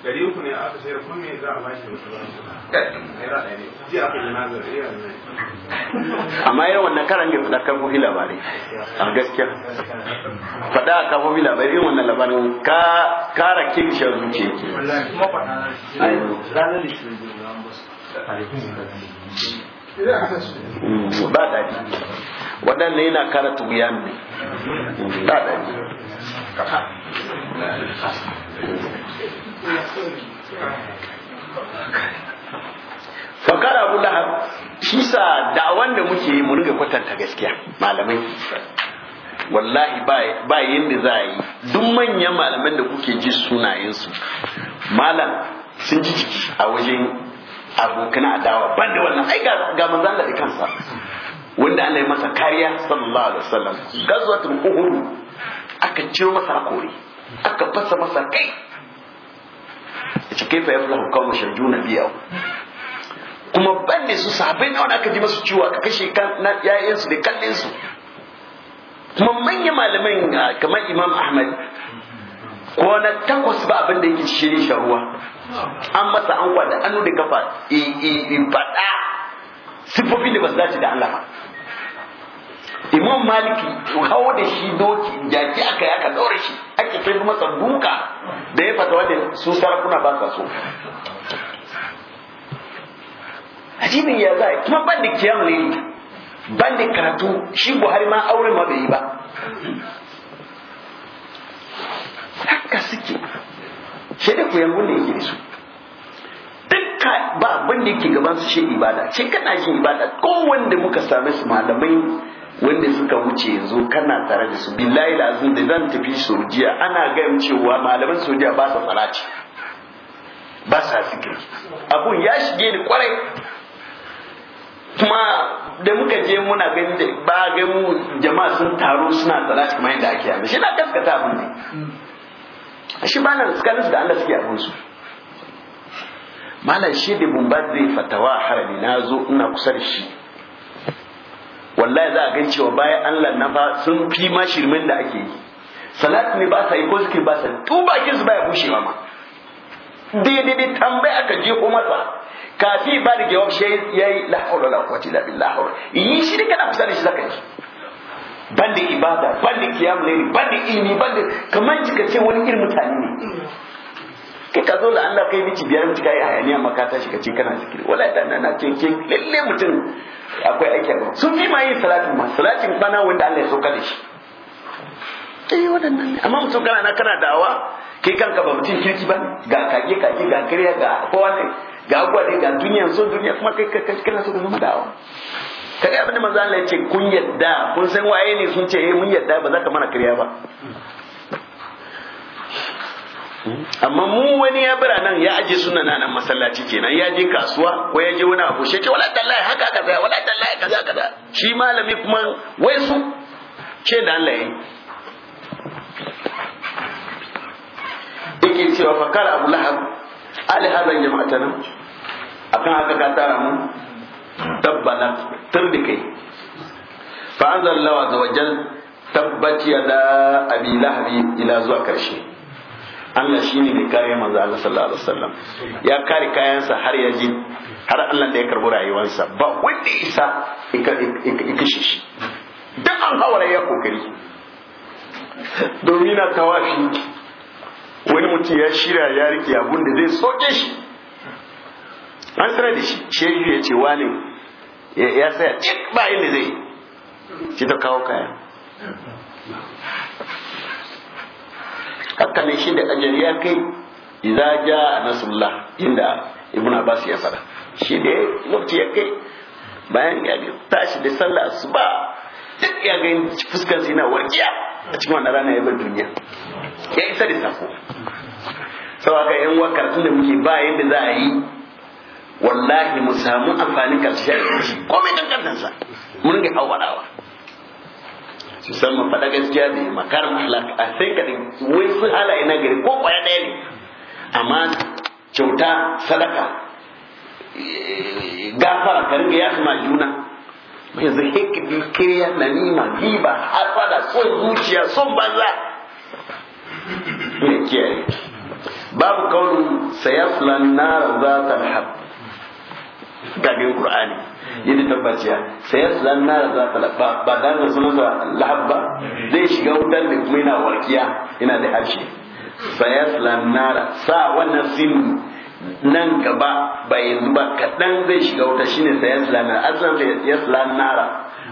gari uku ne aka me za a bashi shi aka janazar amma irin wannan karan da kafofi labarai a gaskiya fada a kafofi labarai irin wannan labarin ka kara kirishin zuciya ke mm, ba daɗi waɗannan yana kara tuguyan ne ba daɗi fakar abu da shisa sa da muke yi mu kwatanta gaskiya malamai wallahi ba yadda za a yi duk manyan malaman da kuke ji sunayensu malam sun ji jiki a wajen abokan adawa ban da wannan ai ga manzan da kansa wanda Allah ya masa kariya sallallahu alaihi wasallam gazwatul uhud aka ciro masa akori aka fasa masa kai yace kaifa yaflahu qawmu na biya kuma ban su sabai na aka ji masu ciwo aka kashe na yayinsu da kallinsu su kuma manya malaman ah, kamar Imam Ahmad ko na takwas ba abin da yake shirin sharuwa an masa an kwada anu da kafa in faɗa siffofin da ba dace da Allah ba imam maliki hau da shi doki jaki aka yi aka shi ake kai kuma duka da ya fata wanda su sarakuna ba sa so ajibin ya za kuma ban da kiyam ne ban da karatu shi buhari ma auren ma bai yi ba haka suke shi da ku yangun da yake da su dukka ba abin da yake gaban su shi ibada ce kana shi ibada ko wanda muka same su malamai wanda suka wuce yanzu kana tare da su billahi da azun da zan tafi saudiya ana gayan cewa malaman saudiya ba sa salati ba sa fikiri abun ya shige ni kwarai kuma da muka je muna gani da ba ga mu jama'a sun taro suna salati kamar yadda ake yi shi na gaskata abun ne shi ba nan tsakanin da Allah suke abun su malam shi da bumbar zai fatawa harami na zo ina kusa da shi wallahi za a gan cewa bayan Allah na fa sun fi ma shirmin da ake yi salat ne ba sa yi ko suke ba sa tun bakin su baya bushewa ma daidai tambaya aka je ko masa kafi ba da jawab shi yayi la hawla la quwwata illa billah yi shi da kana da shi zaka yi banda ibada banda kiyam ne banda ilimi banda kamar kika ce wani irin mutane ne kai ka zo da Allah kai miki biyar miki kai hayaniya ma ka tashi ka ce kana zikiri wallahi dan nan ce ke lalle mutum akwai aiki ba sun fi ma yin salatin ma salatin bana wanda Allah ya sauka da shi eh wadannan ne amma mutum kana kana dawa kai kanka ba mutum kirki ba ga kage kage ga kirya ga kowa ne ga abuwa ne ga duniya so duniya kuma kai kai kana so ka zama dawa kaga abin da manzo Allah ya ce kun yadda kun san waye ne sun ce eh mun yadda ba za ka mana kariya ba amma mu wani ya bira nan ya aje suna nan nan masallaci kenan ya je kasuwa ko ya je wani abu shi ce wala tallahi haka kaza wala tallahi kaza kaza shi malami kuma wai su ce da Allah yake cewa fa kala abu lahab ali hadan jama'atan akan haka ka tara mu tabbana turbi kai fa anzal lawa zawajal tabbat yada abi lahabi ila zuwa karshe Allah shi mai kare manzo Allah sallallahu alaihi wasallam ya kare kayansa har ya ji har Allah da ya karbi rayuwarsa ba wanda isa ya shi duk an hawara ya kokari domin na tawafi wani mutum ya shirya ya rike abun da zai soke shi an tsira da shi shehu ya ce wani ya saya cik ba inda zai shi ta kawo kaya haka ne shi da ya kai idza jaa nasrullah inda ibn abbas ya fada shi da lokaci ya kai bayan ya tashi da sallah asuba duk ya ga fuskar sa yana warkiya a cikin wannan rana ya bar duniya ya isa da sako saboda yan wakar karatun da muke ba yadda za a yi wallahi mu samu amfanin karshe komai dangantansa mun ga dawa. su san ma faɗa gaskiya ne makar mahalaka a sai ka wai su halaye na gari ko ya ɗaya ne amma kyauta sadaka eh, gafara ka ringa ya ma juna yanzu hikbi kiriya na nima riba fada son zuciya son banza ne kiyaye babu kaunin sayaslan nara zatar hab qur'ani yadda tabbaciya sai ya zan na za ta ba ba da na sunan sa lahab ba zai shiga wutar da kuma yana warkiya yana da harshe sai ya zan na sa wannan sin nan gaba ba yanzu ba kaɗan zai shiga wuta shine sai ya zan na azan sai ya zan da.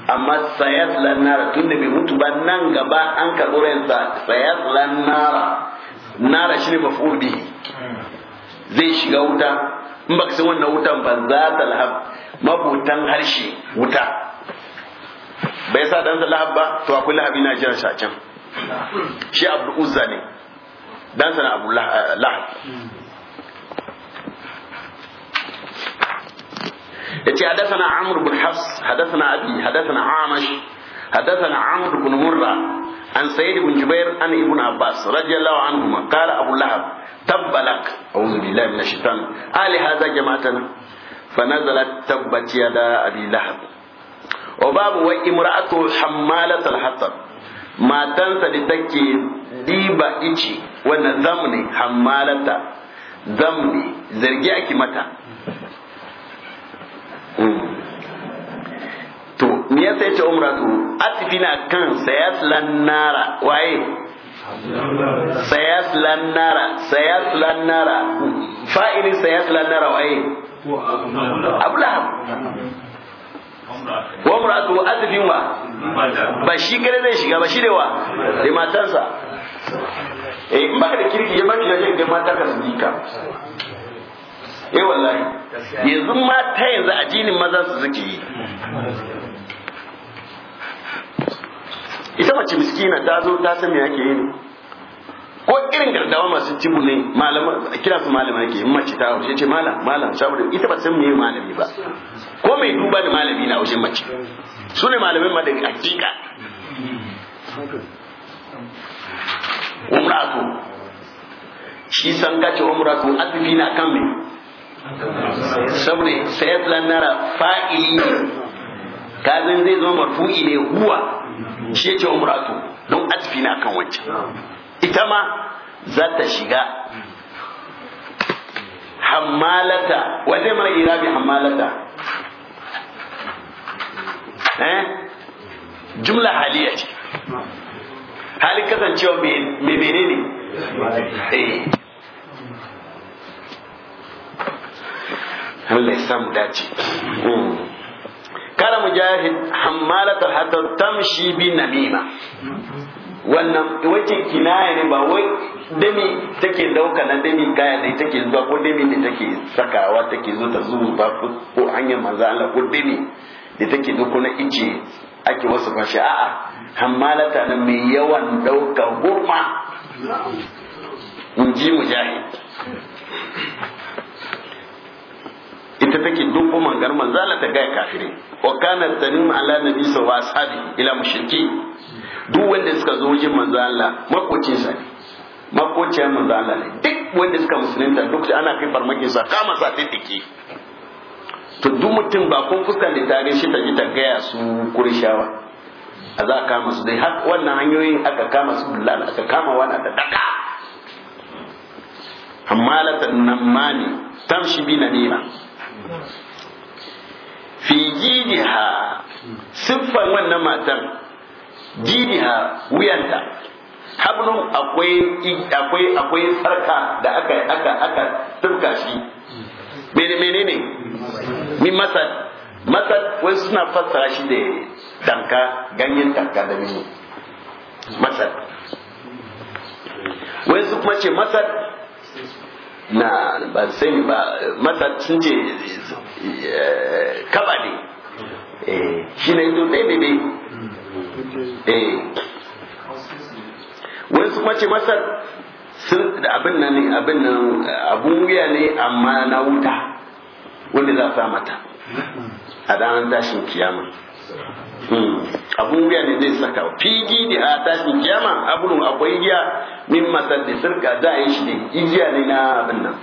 amma sayat lannara tun da bai mutu ba nan gaba an karɓi ransa sayat lannara nara shine mafudi zai shiga wuta in baka san wannan wutan ba za ta lahab mabutan harshe wuta bai sa dan ɗansa lahab ba to akwai lahabi na jiran shi a can shi abu uzza ne sa na abu eh, lahab yace hadathana amr bin hafs hadathana abi hadathana amash hadathana amr bin murra an sayyid bin jubair an ibn abbas radiyallahu anhuma qala abu lahab tabbalak a'udhu billahi minash shaitani ali hadha jama'atana فنزلت تبت يدا أبي لهب وباب وامرأته حمالة الحطب ما تنسى لتكي ديبا إيشي وانا زمني حمالة زمني زرجعك متى to me yasa yace umratu atfina kan sayaslan nara sayas lannara sayas lannara fa'ili sayas lannara wa? abu lahab wa muratu azbin wa ba shi kare zai shiga ba shi da wa da matansa eh in ba da kirki ya ki yaje da mata ka su ka eh wallahi yanzu mata yanzu ajinin maza su suke yi ita mace miskina ta zo ta san me yake yi ko irin gardawa masu cibu ne malama kira su malama yake mace ta haushe ce malam malam saboda ita ba san me malami ba ko mai duba da malami na haushe mace su ne malamin ma da hakika umratu shi san kace umratu asifi na kan me saboda sayyidan lanara fa'ili kazin zai zo marfu'i ne huwa shi yake muratu don atfi na kan wancan ita ma za ta shiga hammalata wanda mana bi hammalata eh jumla haliya ce hali kasancewa mai mene ne? Eh. Allah ya samu dace hmm. kana mujahid hammalatul hatta tamshi bi namima wannan wace kinaya ne ba wai dami take dauka na dami kaya da take zuwa ko dami ne take sakawa take zo ta zuwa ba ko hanyar manzo Allah ko dami da take duku na ice ake wasu fashi a'a hammalata nan mai yawan dauka goma. in ji mujahid ita take duk umangar manzala ta gaya kafirin wa kana tanim ala nabi sallallahu wa wasallam ila mushriki duk wanda suka zo wajen manzo Allah makocin sa ne makocin manzo Allah ne duk wanda suka musulunta duk ana kai farmakin sa kama sa tiki to duk mutum ba kun kusa da tare shi ta ta gaya su kurishawa a za a kama su dai har wannan hanyoyin aka kama su billahi aka kama wani da daka amma la tanmani tamshi bi namira fi jiniha siffar wannan matan jiniha wuyanta hablun akwai akwai akwai sarka da aka aka aka tufka shi mene mene ne mi masad masad wai suna fassara shi da danka ganyen danka da mene masad wai su kuma ce masad na ba sai ba masa sun ce eh, kaba ne eh, shi na ido ne ne eh. ne wani su kwace masar sun abin nan abin nan abun wuya ne amma na wuta wanda za a sa mata a ranar tashin kiyama Hmm. abubuwa ne zai saka fiji da a tashi jama abun akwai iya min masar da sirka za a yi shi ne iya ne na abin nan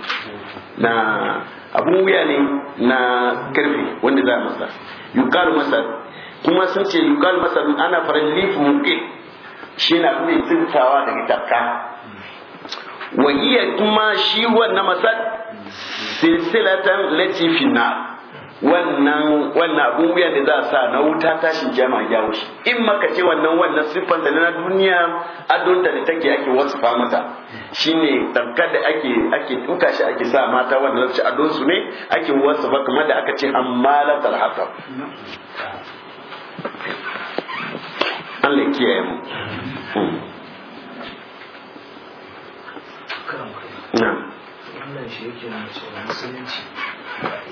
na abubuwa ne na karfe wanda za a masa yukalu masar kuma sun ce yukalu masar ana farin lifu muke shi na kuma tsintawa daga tafka wa iya kuma shi wannan masar silsilatan latifin na wannan wannan abun wuya da za a sa na wuta tashin jama ya wuce in maka ce wannan wannan siffan da na duniya adonta da take ake wasu mata shine tankar da ake ake tuka shi ake sa mata wannan lokaci adon su ne ake wasu ba kamar da aka ce ammalatul hatab Allah kiyaye mu Na'am. Hmm. Hmm. Wannan shi yake na cewa musulunci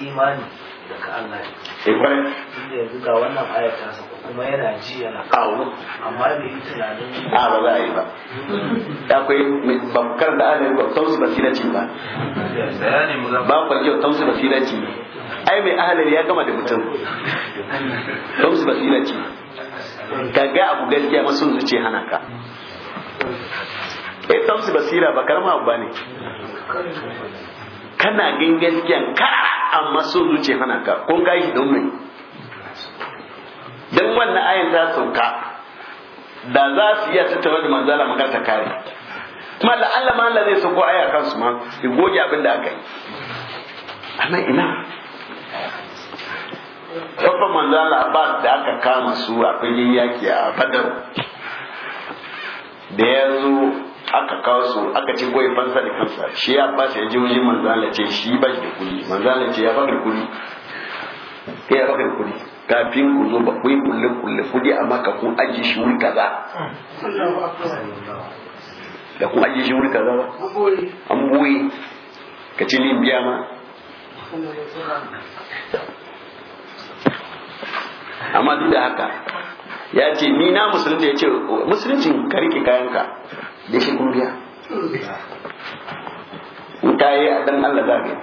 imani daga Allah ne eh, inda yanzu ga wannan kuma yana ji yana kawo amma yi tunanin a ba za a yi ba akwai da ana tausu ba ba tausu ai ya ka ga abu gaskiya masu zuce hana ka eh tausu basira ba karama abu ba ne kana gan gaskiyan karara amma so zuciya hana ka kun gashi don mai dan wannan ayin ta sauka da za su iya tattara da manzala maka ta kare kuma da Allah ma Allah zai sauko aya kansu ma ya goge abin da aka yi amma ina Rabban manzala ba da aka kama su a fagen yaki a Badar da ya zo aka kawo su aka ci goyi fansa da kansa shi ya ba shi ya ji wajen manzala ce shi ba shi da kuli manzala ce ya ba da kuli ke eh, ya ba da kuli kafin ku zo ba kuyi kulle kulle kudi amma ka kun aji shi wuri kaza da kun aji shi wuri kaza ba an buwe ka ci ni biya ma amma duk da haka ya ce ni na musulunci ya ce musulunci ka rike kayanka da shi kun biya wuta yi a dan Allah za ka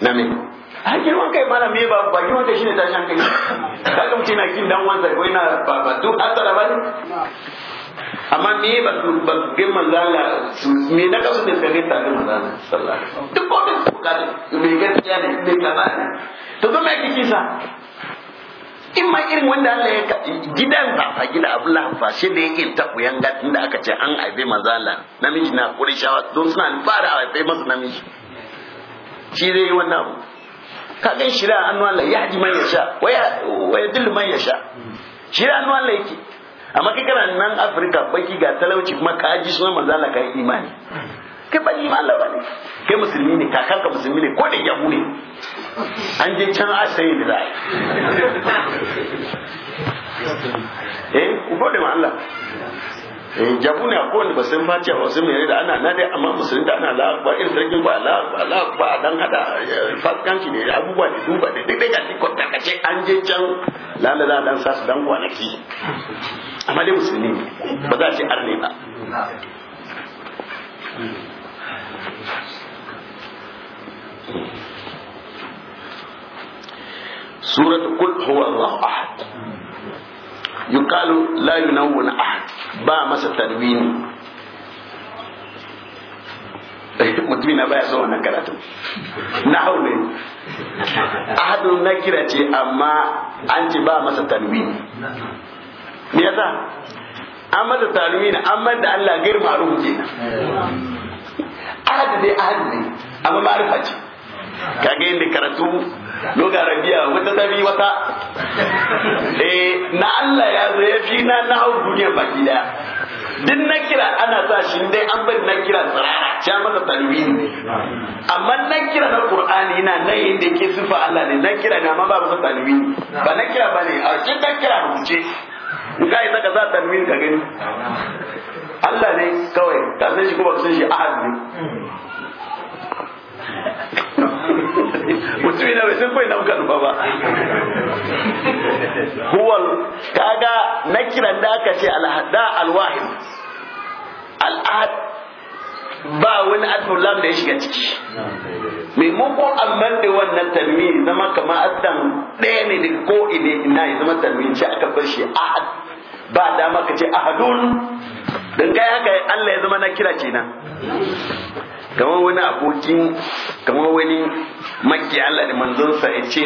na me a girman kai mana me ba ba girman kai shine tashin kai kaga mutum na kin dan wanzar wai na ba ba duk hasara ba ne amma me ba su ba ga su me na kasu da kare ta ga manzala sallallahu duk kodin su ka da me gaskiya ne me kaza ne to kuma yake sa in ma irin wanda Allah ya gidan ba fa gida Abdullah fa shi da yake ta kuyan gatin da aka ce an aibe manzala namiji na Qurayshawa don suna fara aibe masa namiji shi zai yi wannan abu kaga shira annu Allah ya haji man yasha waya waya dillu man sha shira annu Allah yake amma kai kana nan afirka baki ga talauci kuma ka ji suna manzo Allah kai imani kai ba iman Allah bane kai musulmi ne kakar ka musulmi ne ko da yahu ne an je can a sai da zai eh ku bode ma Allah eh jabu ne akwai wanda ba san ba cewa sai mai da ana na dai amma musulmi da ana la ba irin sarkin ba la ba la ba dan hada eh, fasikanci ne abubuwa ne duba ne duk da gashi ko da kace an je can lalala dan sa su dan kwanaki amma dai musulmi ba za a ce arne ba سورة قل هو الله أحد يقال لا ينون أحد با مسا تدويني mutumin na baya son na karatu na hau ne ahadun na kira ce amma an ce ba masa tanwini me yasa an mata talumi na an da Allah gair ma'ruf kenan ahad dai ahad ne amma ma'arifa ce kage inda karatu doga rabiya wata tabi wata eh na Allah ya zo ya fi na na hau duniya baki daya din na kira ana sa shi dai an bari na kira tsara ya mata talwi amma na kira na qur'ani ina nan inda ke sifa Allah ne na kira ne amma ba ba talwi ba na kira bane a kin kira rubuce in ka isa ka sa tanwin ka gani Allah ne kawai ka san shi kuma san shi ahad ne mutum ina bai san kawai na muka nufa ba huwal kaga na kiran da aka ce al-wahid al-ahad ba wani alfin lam da ya shiga ciki maimakon amman da wannan tanwini zama kamar asan ɗaya ne da ko ine ina ya zama tanwini ce aka bar shi a ba dama ka ce ahadun dan kai haka Allah ya zama na kira kenan kamar wani abokin kamar wani maki Allah da manzonsa ya ce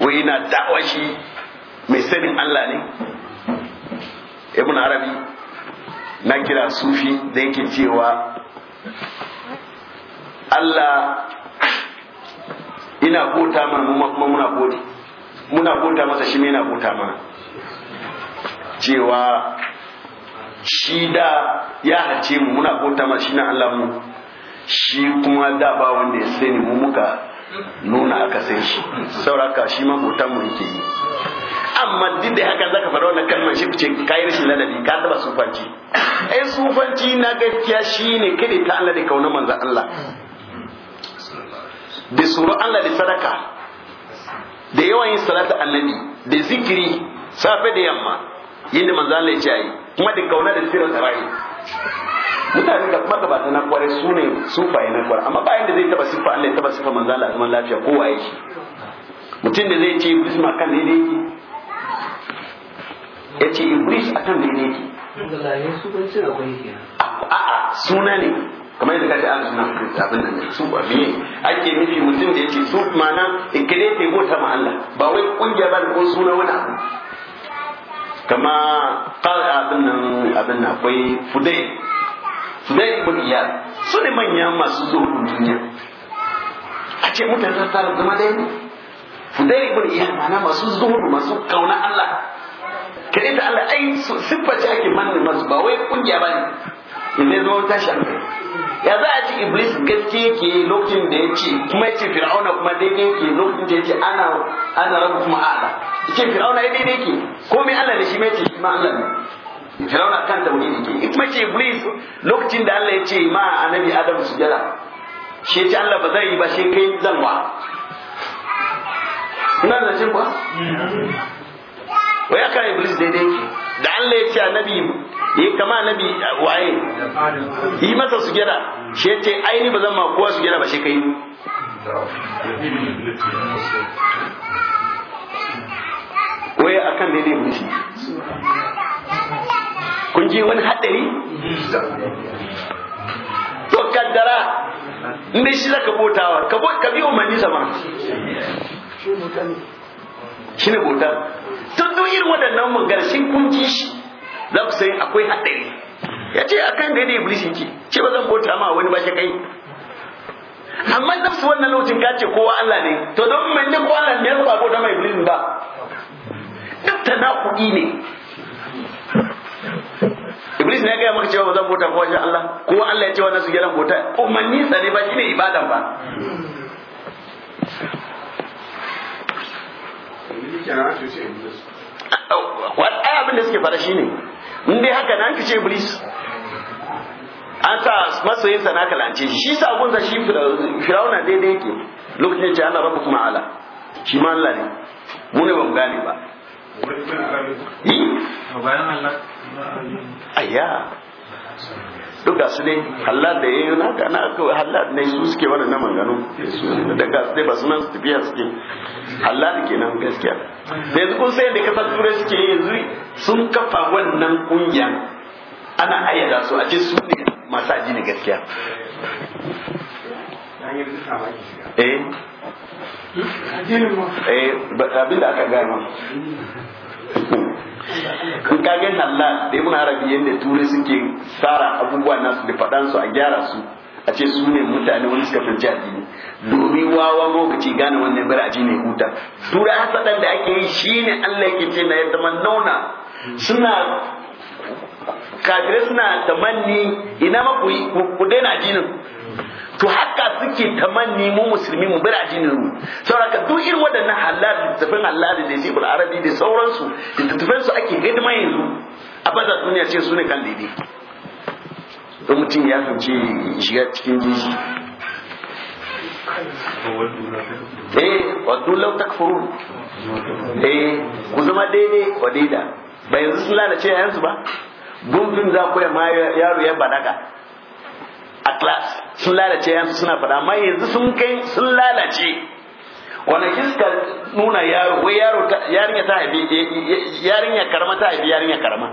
wai yana da'awashi mai sanin Allah ne ibn arabi na kira sufi da yake cewa Allah ina bota mana kuma muna bode muna bota masa shi na bota mana cewa shi da ya hace mu muna bota masa shi na Allah mu shi kuma da ba wanda ya sani mu muka nuna aka sai shi sauraka shi ma bota mu yake yi amma duk da haka zaka faɗa wannan kalmar shi ce kai rashin ladabi ka taba sufanci ai sufanci na gaskiya shine kade ta Allah da kauna manzon Allah da suru Allah da sadaka da yawan yin salatu annabi da zikiri safe da yamma yadda manzo Allah ya ce ai kuma da kauna da sirrin sarai mutane da magabata na kware su ne sufaye na kware amma bayan da zai taba sifa Allah ya taba sifa manzo Allah zaman lafiya kowa yake mutum da zai ce bismaka kan daidai yake ya ce iblis a kan daidai ke a'a suna ne kamar yadda kaji an suna fi abin nan su ba biye ake nufi mutum da yake su mana ikire ke bota ma Allah ba wai kungiya ba ko suna wani abu kama qala abin nan abin nan akwai fudai fudai ibn iyad su ne manya masu zo duniya a ce mutane za su zama dai ne fudai ibn iyad mana masu zuhudu masu kauna Allah kaɗai da Allah ai siffa ce ake manne masu ba wai kungiya ba ne inda ya zama tashi hankali ya za a ci iblis gaske yake lokacin da ya ce kuma ya ce fir'auna kuma daidai yake lokacin da ya ce ana ana rabu kuma ala ya ce fir'auna ya daidai yake ko mai Allah ne shi mai ce ma Allah ne fir'auna kan wuri yake kuma ce iblis lokacin da Allah ya ce ma annabi adam sujada shi ya ce Allah ba zai yi ba shi kai zanwa ina da shi ba kan iblis daidai ke da Allah ya ce annabi ya kama annabi uh, waye yi masa su sujada shi ya ce ai ni ba zan ma kowa sujada ba shi kai wai akan daidai iblis kun ji wani haɗari to kaddara inda shi zaka botawa ka bi umarni sama shi ne bota sun duk irin waɗannan magarshin kun ji shi za ku san akwai haɗari ya ce a kan da iblis yake ce ba zan bauta ma wani ba shi kai amma su wannan lokacin ka ce kowa Allah ne to don mai ne kowa Allah ne ya ko bauta mai iblis ba duk ta kuɗi ne iblis ne ya gaya maka cewa ba zan bauta kowa shi Allah kowa Allah ya ce wannan su gyaran bauta umarni sa ba shi ne ibadan ba ai abin da suke fara shi in dai haka nan ce iblis an sa masoyin sa na kalance shi sa gunza shi firauna daidai yake lokacin ce Allah kuma ala shi ma Allah ne mu ne bamu gane ba ayya duka su ne halal da yayi na ka na aka halal ne su suke wannan na mangano da ga su dai ba su nan tafiya suke halal kenan gaskiya da yanzu kun sai da kasar turai suke yanzu sun kafa wannan kungiya ana ayyada su a ce su ne masu aji ne gaskiya eh, eh abinda aka gano in ka ga halal da ibn arabi yanda turai suke tsara abubuwa nasu da fadan su a gyara su a ce su ne mutane wani suka fi addini domin wawa lokaci gane wannan bar ne huta turai hasadan da ake yi shine Allah yake ce na ya nauna suna kafirai suna tamanni ina ma ku daina addinin to haka suke tamanni mu musulmi mu bar addinin mu saboda duk irin waɗannan halal tafin halal da bul arabi da sauransu tafin su ake hidima yanzu a bazar duniya ce su ne kan daidai don mutum ya fice shiga cikin jiji. eh waddu law takfurun eh ku zama daidai wa daida ba yanzu sun lalace su ba gungun za ku ma yaro ya balaga a class sun lalace yansu suna faɗa amma yanzu sun kai sun lalace wanda kiska nuna yaro wai yaro yarinya ta haifi yarinya karama ta haifi yarinya karama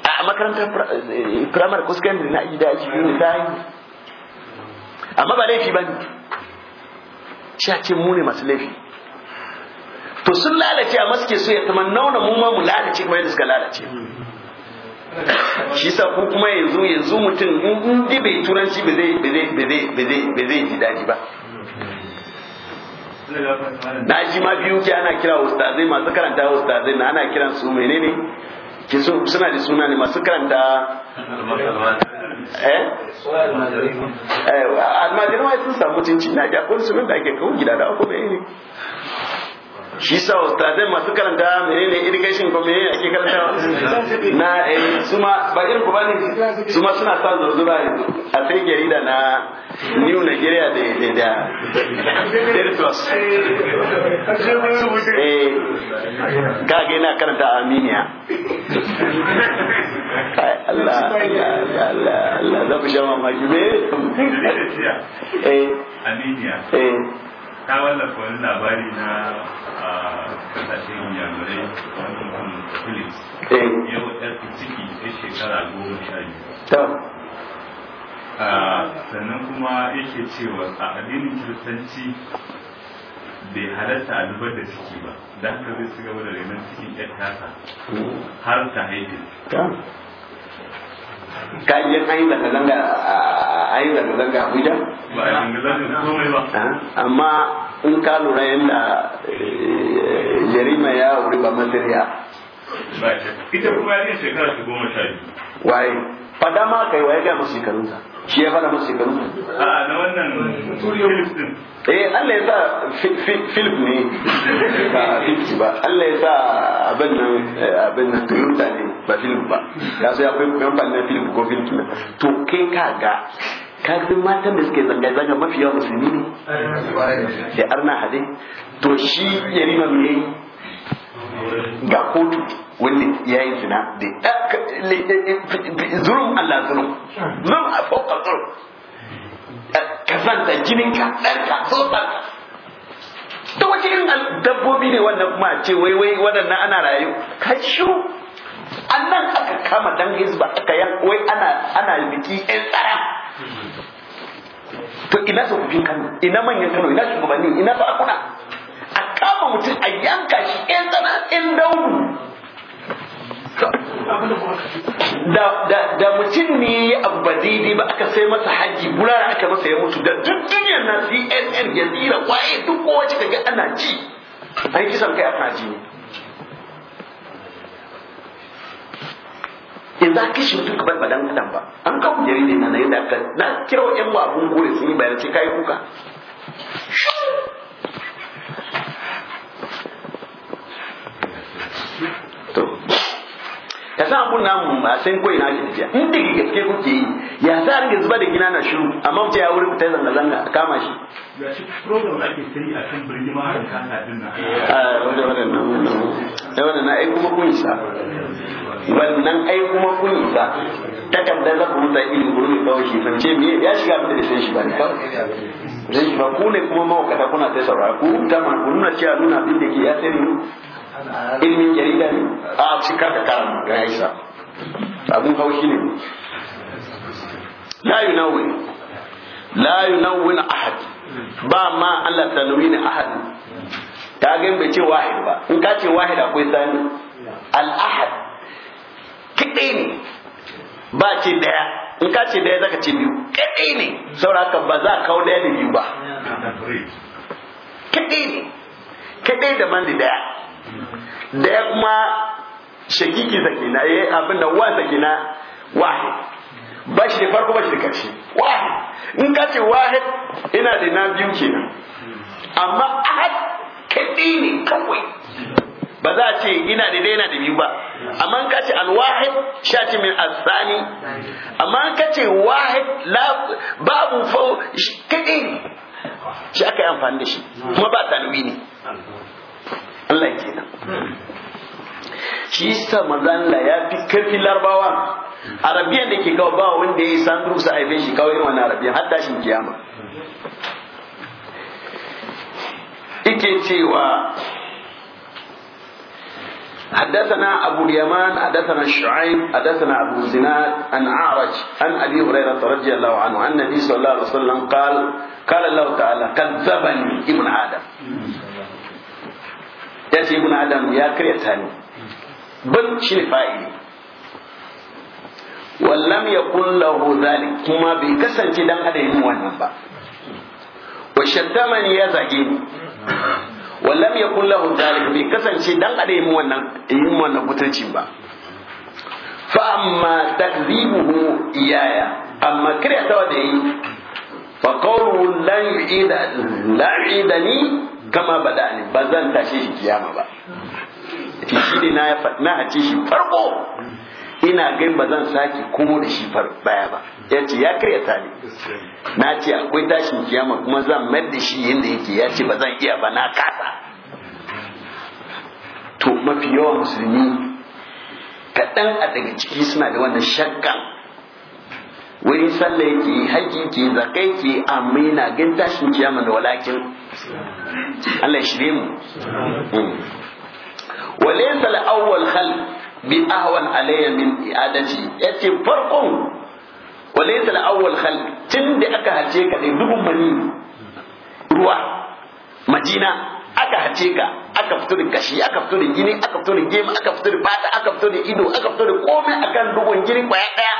a makarantar eh, primary ko secondary na ida ake yi ta yi amma ba laifi ba ne shi a ce mu ne masu laifi to sun lalace amma suke so ya tamanna mu ma mu lalace kuma yadda suka lalace shi sa ko kuma yanzu yanzu mutum in dai bai turanci ba zai ba zai ba zai ba zai ji daɗi ba na ji ma biyu ke ana kira ustazai masu karanta ustazai na ana kiran su menene ke so suna da suna ne masu karanta eh, eh almajirai sun samu cincin na akwai su da ake kawo gida da akwai ne shi sa ustadai masu karanta menene irrigation ko menene ake karantawa na eh suma ba irin ku bane suma suna sa zurzura ne a sai jarida na New Nigeria da da da Territories eh na karanta Aminiya kai Allah Allah Allah Allah da ku jama'a eh Aminiya eh ta wallafa wani labari na kasashen yamurai wani mutum philips eh. yau ɗan ciki ya shekara goma sha biyu sannan kuma yake cewa a addinin kiristanci bai halatta a da ciki ba da haka zai su gaba da renon cikin yar tasa mm. har ta haihu ka yi da zanga-zanga a ah, zanga abuja ah, amma in ka lura yadda eh, jarima ya wuri ba masiriya ita kuma yarinya shekara ta goma sha biyu waye fada ma kai waye ga masu shekarunsa shi ya fada masu shekarunsa a na wannan turiya din eh Allah ya sa philip ne ba philips ba Allah ya sa abin nan eh, abin nan tunuta ne ba film ba ya so ya kai kamfani na film ko film kuma to kai ka ga ka matan da suke zanga-zanga mafi yawa musulmi ne da arna hade to shi rima mu yayi ga kotu wanda ya yi zina da zurum Allah zurum zurum a fokar zurum kazanta jininka ɗanka tsotsarka ta wace dabbobi ne wannan kuma ce wai wai waɗannan ana rayu ka shiru annan aka kama dan hizba aka yan wai ana ana biki ɗan tsara to ina tsofaffin kano ina manyan kano ina shugabanni ina sarakuna a kama mutum a yanka shi ɗan tsara ɗan daudu da mutum ne ya ba daidai ba aka sai masa haji bulara aka masa ya mutu da duk duniyar na cnn ya zira waye duk kowace kaga ana ci ai kisan kai a ji ne yanzu an kashe mutum ka ba dan adam ba an kawo jarida na yadda aka na kira wa yan abun gore sun yi bayan sai kayi kuka to sa abun namu ba sai koyi na shi tafiya in da gaske kuke yi ya sa ringa zuba da gina na shiru amma mutum ya wuri fita zanga zanga a kama shi ya shi ake a kan har nan ah, wannan wannan wannan ai kuma kun isa takardar za ku rubuta ilimi gurin mai kawai shi ce me ya shiga abin da san shi ba ne san shi ba ku ne kuma mawakata kuna ta saurara ku ta ma ku nuna cewa nuna abin da ke ya sani ilimin jarida ne a cika ka kara ga isa abun haushi ne la yunawwin la yunawwin ahad ba ma Allah tanwini ahad ta ga bai ce wahid ba in ka ce wahid akwai sani al ahad ba ce daya in ka ce daya zaka ce biyu kadai ne saboda ba za kawo daya da biyu ba kadai ne kadai da man da daya daya kuma shakiki zaki na yayi eh, abin da wa zaki na wahid ba shi da farko ba shi da karshe wahid in ka ce wahid ina da na biyu kenan amma ahad kadai ne kawai ba za a ce ina da daina da biyu ba amma ka ce alwahid wahid ce min azani amma ka ce wahid la babu fa kai shi aka yi amfani da shi kuma ba talwi ne Allah kenan shi sa manzo la ya fi kafi larbawa arabiyan da ke kawo ba wanda ya yi sandru sa aibe shi kawai irin wannan arabiyan har tashin kiyama ike cewa حدثنا أبو اليمان حدثنا شعيب حدثنا أبو زناد عن أعرج عن أبي هريرة رضي الله عنه عن النبي صلى الله عليه وسلم قال قال الله تعالى كذبني ابن آدم يأتي ابن آدم يا كريتاني بل شنو فاعلي wallam ya kullahu zalik kuma bai kasance dan adam yin wannan ba wa shaddamani ya zage ni wallam yakun lahu zalik bai kasance dan ada yi wannan yin wannan butulci ba fa amma takzibuhu iyaya amma kiryatawa da yi fa qawlu lan yu'ida la yu'idani kama badani ba zan tashi shi kiyama ba shi ne na ya na a ce shi farko ina gain ba zan sake komo da shi baya ba ya ce ya ta ne na ce akwai tashin kiyama kuma zan mayar da shi yadda yake ya ce ba zan iya ba na kasa to mafi yawan musulmi kaɗan a daga ciki suna da wannan shakkan wani sallah yake yi haƙi ke zakai ke amma gan tashin kiyama da walakin Allah shirye mu hmm. wale al-awwal bi ahwan alayya min i'adati yace farkon walaysa al-awwal khalq tun da aka hace ka dai dubun mani ruwa majina aka hace ka aka fito da kashi aka fito da gini aka fito da gemu aka fito da fata aka fito da ido aka fito da komai akan dubun gini kwaya daya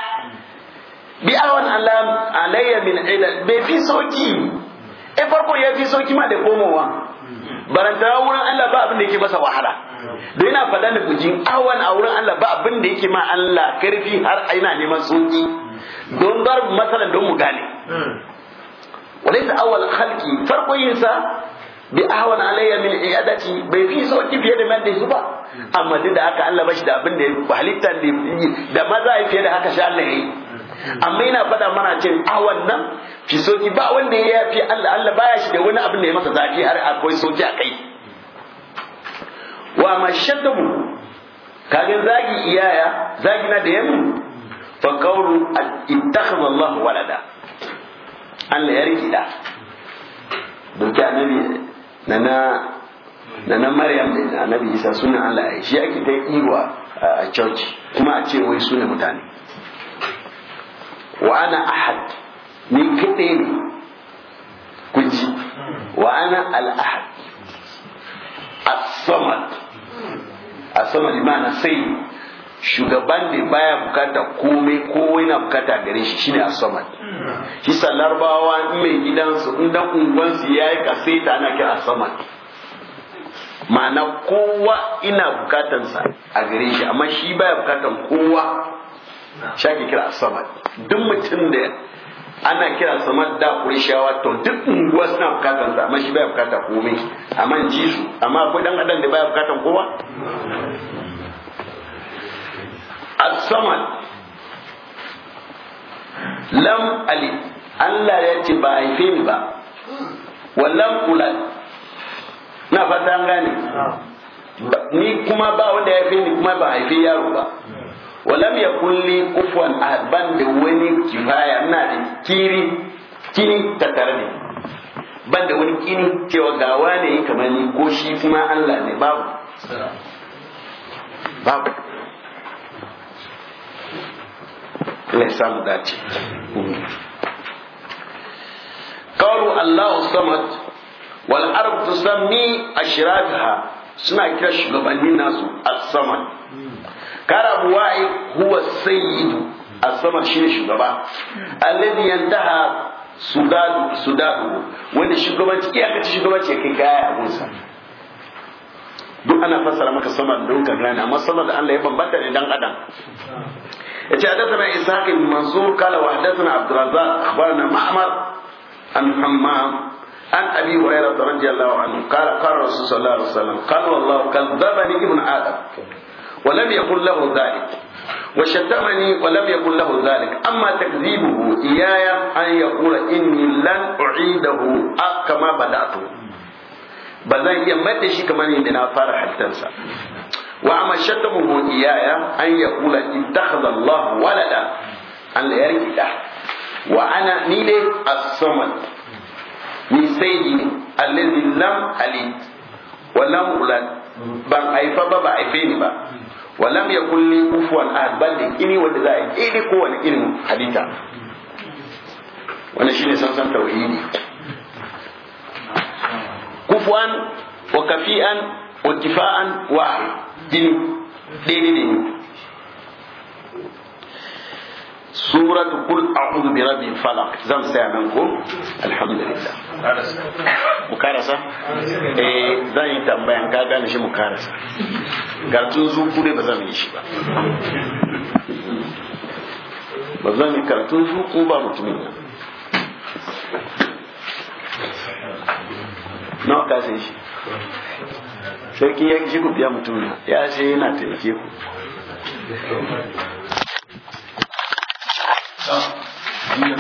bi awan alam alayya min ila bai fi soki e eh, farko ya fi soki ma da komowa barantawa wurin Allah ba abin da yake masa wahala da yana faɗa da bujin awan a wurin Allah ba abin da yake ma Allah karfi har aina neman soki don bar masalan don mu gane hmm. walaysa awwal khalqi farko yinsa bi ahwan alayya min iyadati bai fi sauki fiye da man da su ba hmm. amma duk da aka Allah bashi da abin da halittar da da maza yi fiye da haka sha Allah yayi hmm. amma ina faɗa mana ce awan nan fi soki ba wanda ya yafi Allah Allah baya shi da wani abin da ya masa zafi har akwai soki a kai wa mashaddu kagin zagi iyaya zagi na da yamin فقول اتخذ الله ولدا ان يرجي ده دوكا النبي ننا ننا مريم النبي عيسى سنة الله شي اكي تي ايوا آه، تشوتشي كما اتشي وي سنة متاني وانا احد ني كدي كجي وانا الاحد الصمد الصمد بمعنى سيد shugaban da baya bukata komai kowai na bukata gare shi shine asaman shi larbawa in mai gidansu in dan unguwansu ya yi kaseta ana kira asaman ma'ana kowa ina bukatansa a gare shi amma shi baya bukatan kowa shi kira asaman duk mutum da ana kira samar da kurishawa to duk unguwa suna bukatan sa amma shi baya bukata komai amma jisu amma akwai dan adam da baya bukatan kowa as-samad lam ali Allah ya ce ba haife ni ba wallan ulad na fata an ni kuma ba wanda ya haife ni kuma ba haifi yaro ba walam ya kulli kufuwan ahad da wani kifaya na da kiri kini tattare ne ban da wani kini cewa ga wane kamar ni ko shi kuma Allah ne babu babu Allah samu dace qalu Allah samad wal arab tusammi ashrabha suna kira shugabannin nasu as-samad kara buwa'i huwa sayyidu as-samad shine shugaba alladhi yantaha sudadu sudadu wanda shugabanci iyakaci shugabanci ya kai ga abunsa duk ana fassara maka sama don ka gane amma sama da Allah ya bambanta ne dan adam يتي حدثنا إسحاق بن منصور قال وحدثنا عبد الرزاق أخبرنا معمر عن حمام عن أبي هريرة رضي الله عنه قال قال الرسول صلى الله عليه وسلم قال والله كذبني ابن آدم ولم يقل له ذلك وشتمني ولم يقل له ذلك أما تكذيبه إياي أن يقول إني لن أعيده كما بدأته بل لن يمتشي كما من أثار حتى wa amma shatamuhu iyaya an yaqula ittakhadha Allah walada Allah ya riki da wa ana ni ne as-samad ni sayyidi ne alladhi lam ban haifa ba ba ni ba wa lam yakul li kufuwan ahad ban da za a ko wani irin sansan dini dini dini suratu kul a'udhu bi rabbil falaq zam saya alhamdulillah mu eh zan tambaya tambayan ka gane shi mu ga gartun zuku dai ba zan yi shi ba ba zan yi karatun zuku ba mutumin nan nawa ka sai shi sarki ya shi ku biya mutum ya ce yana taimake ku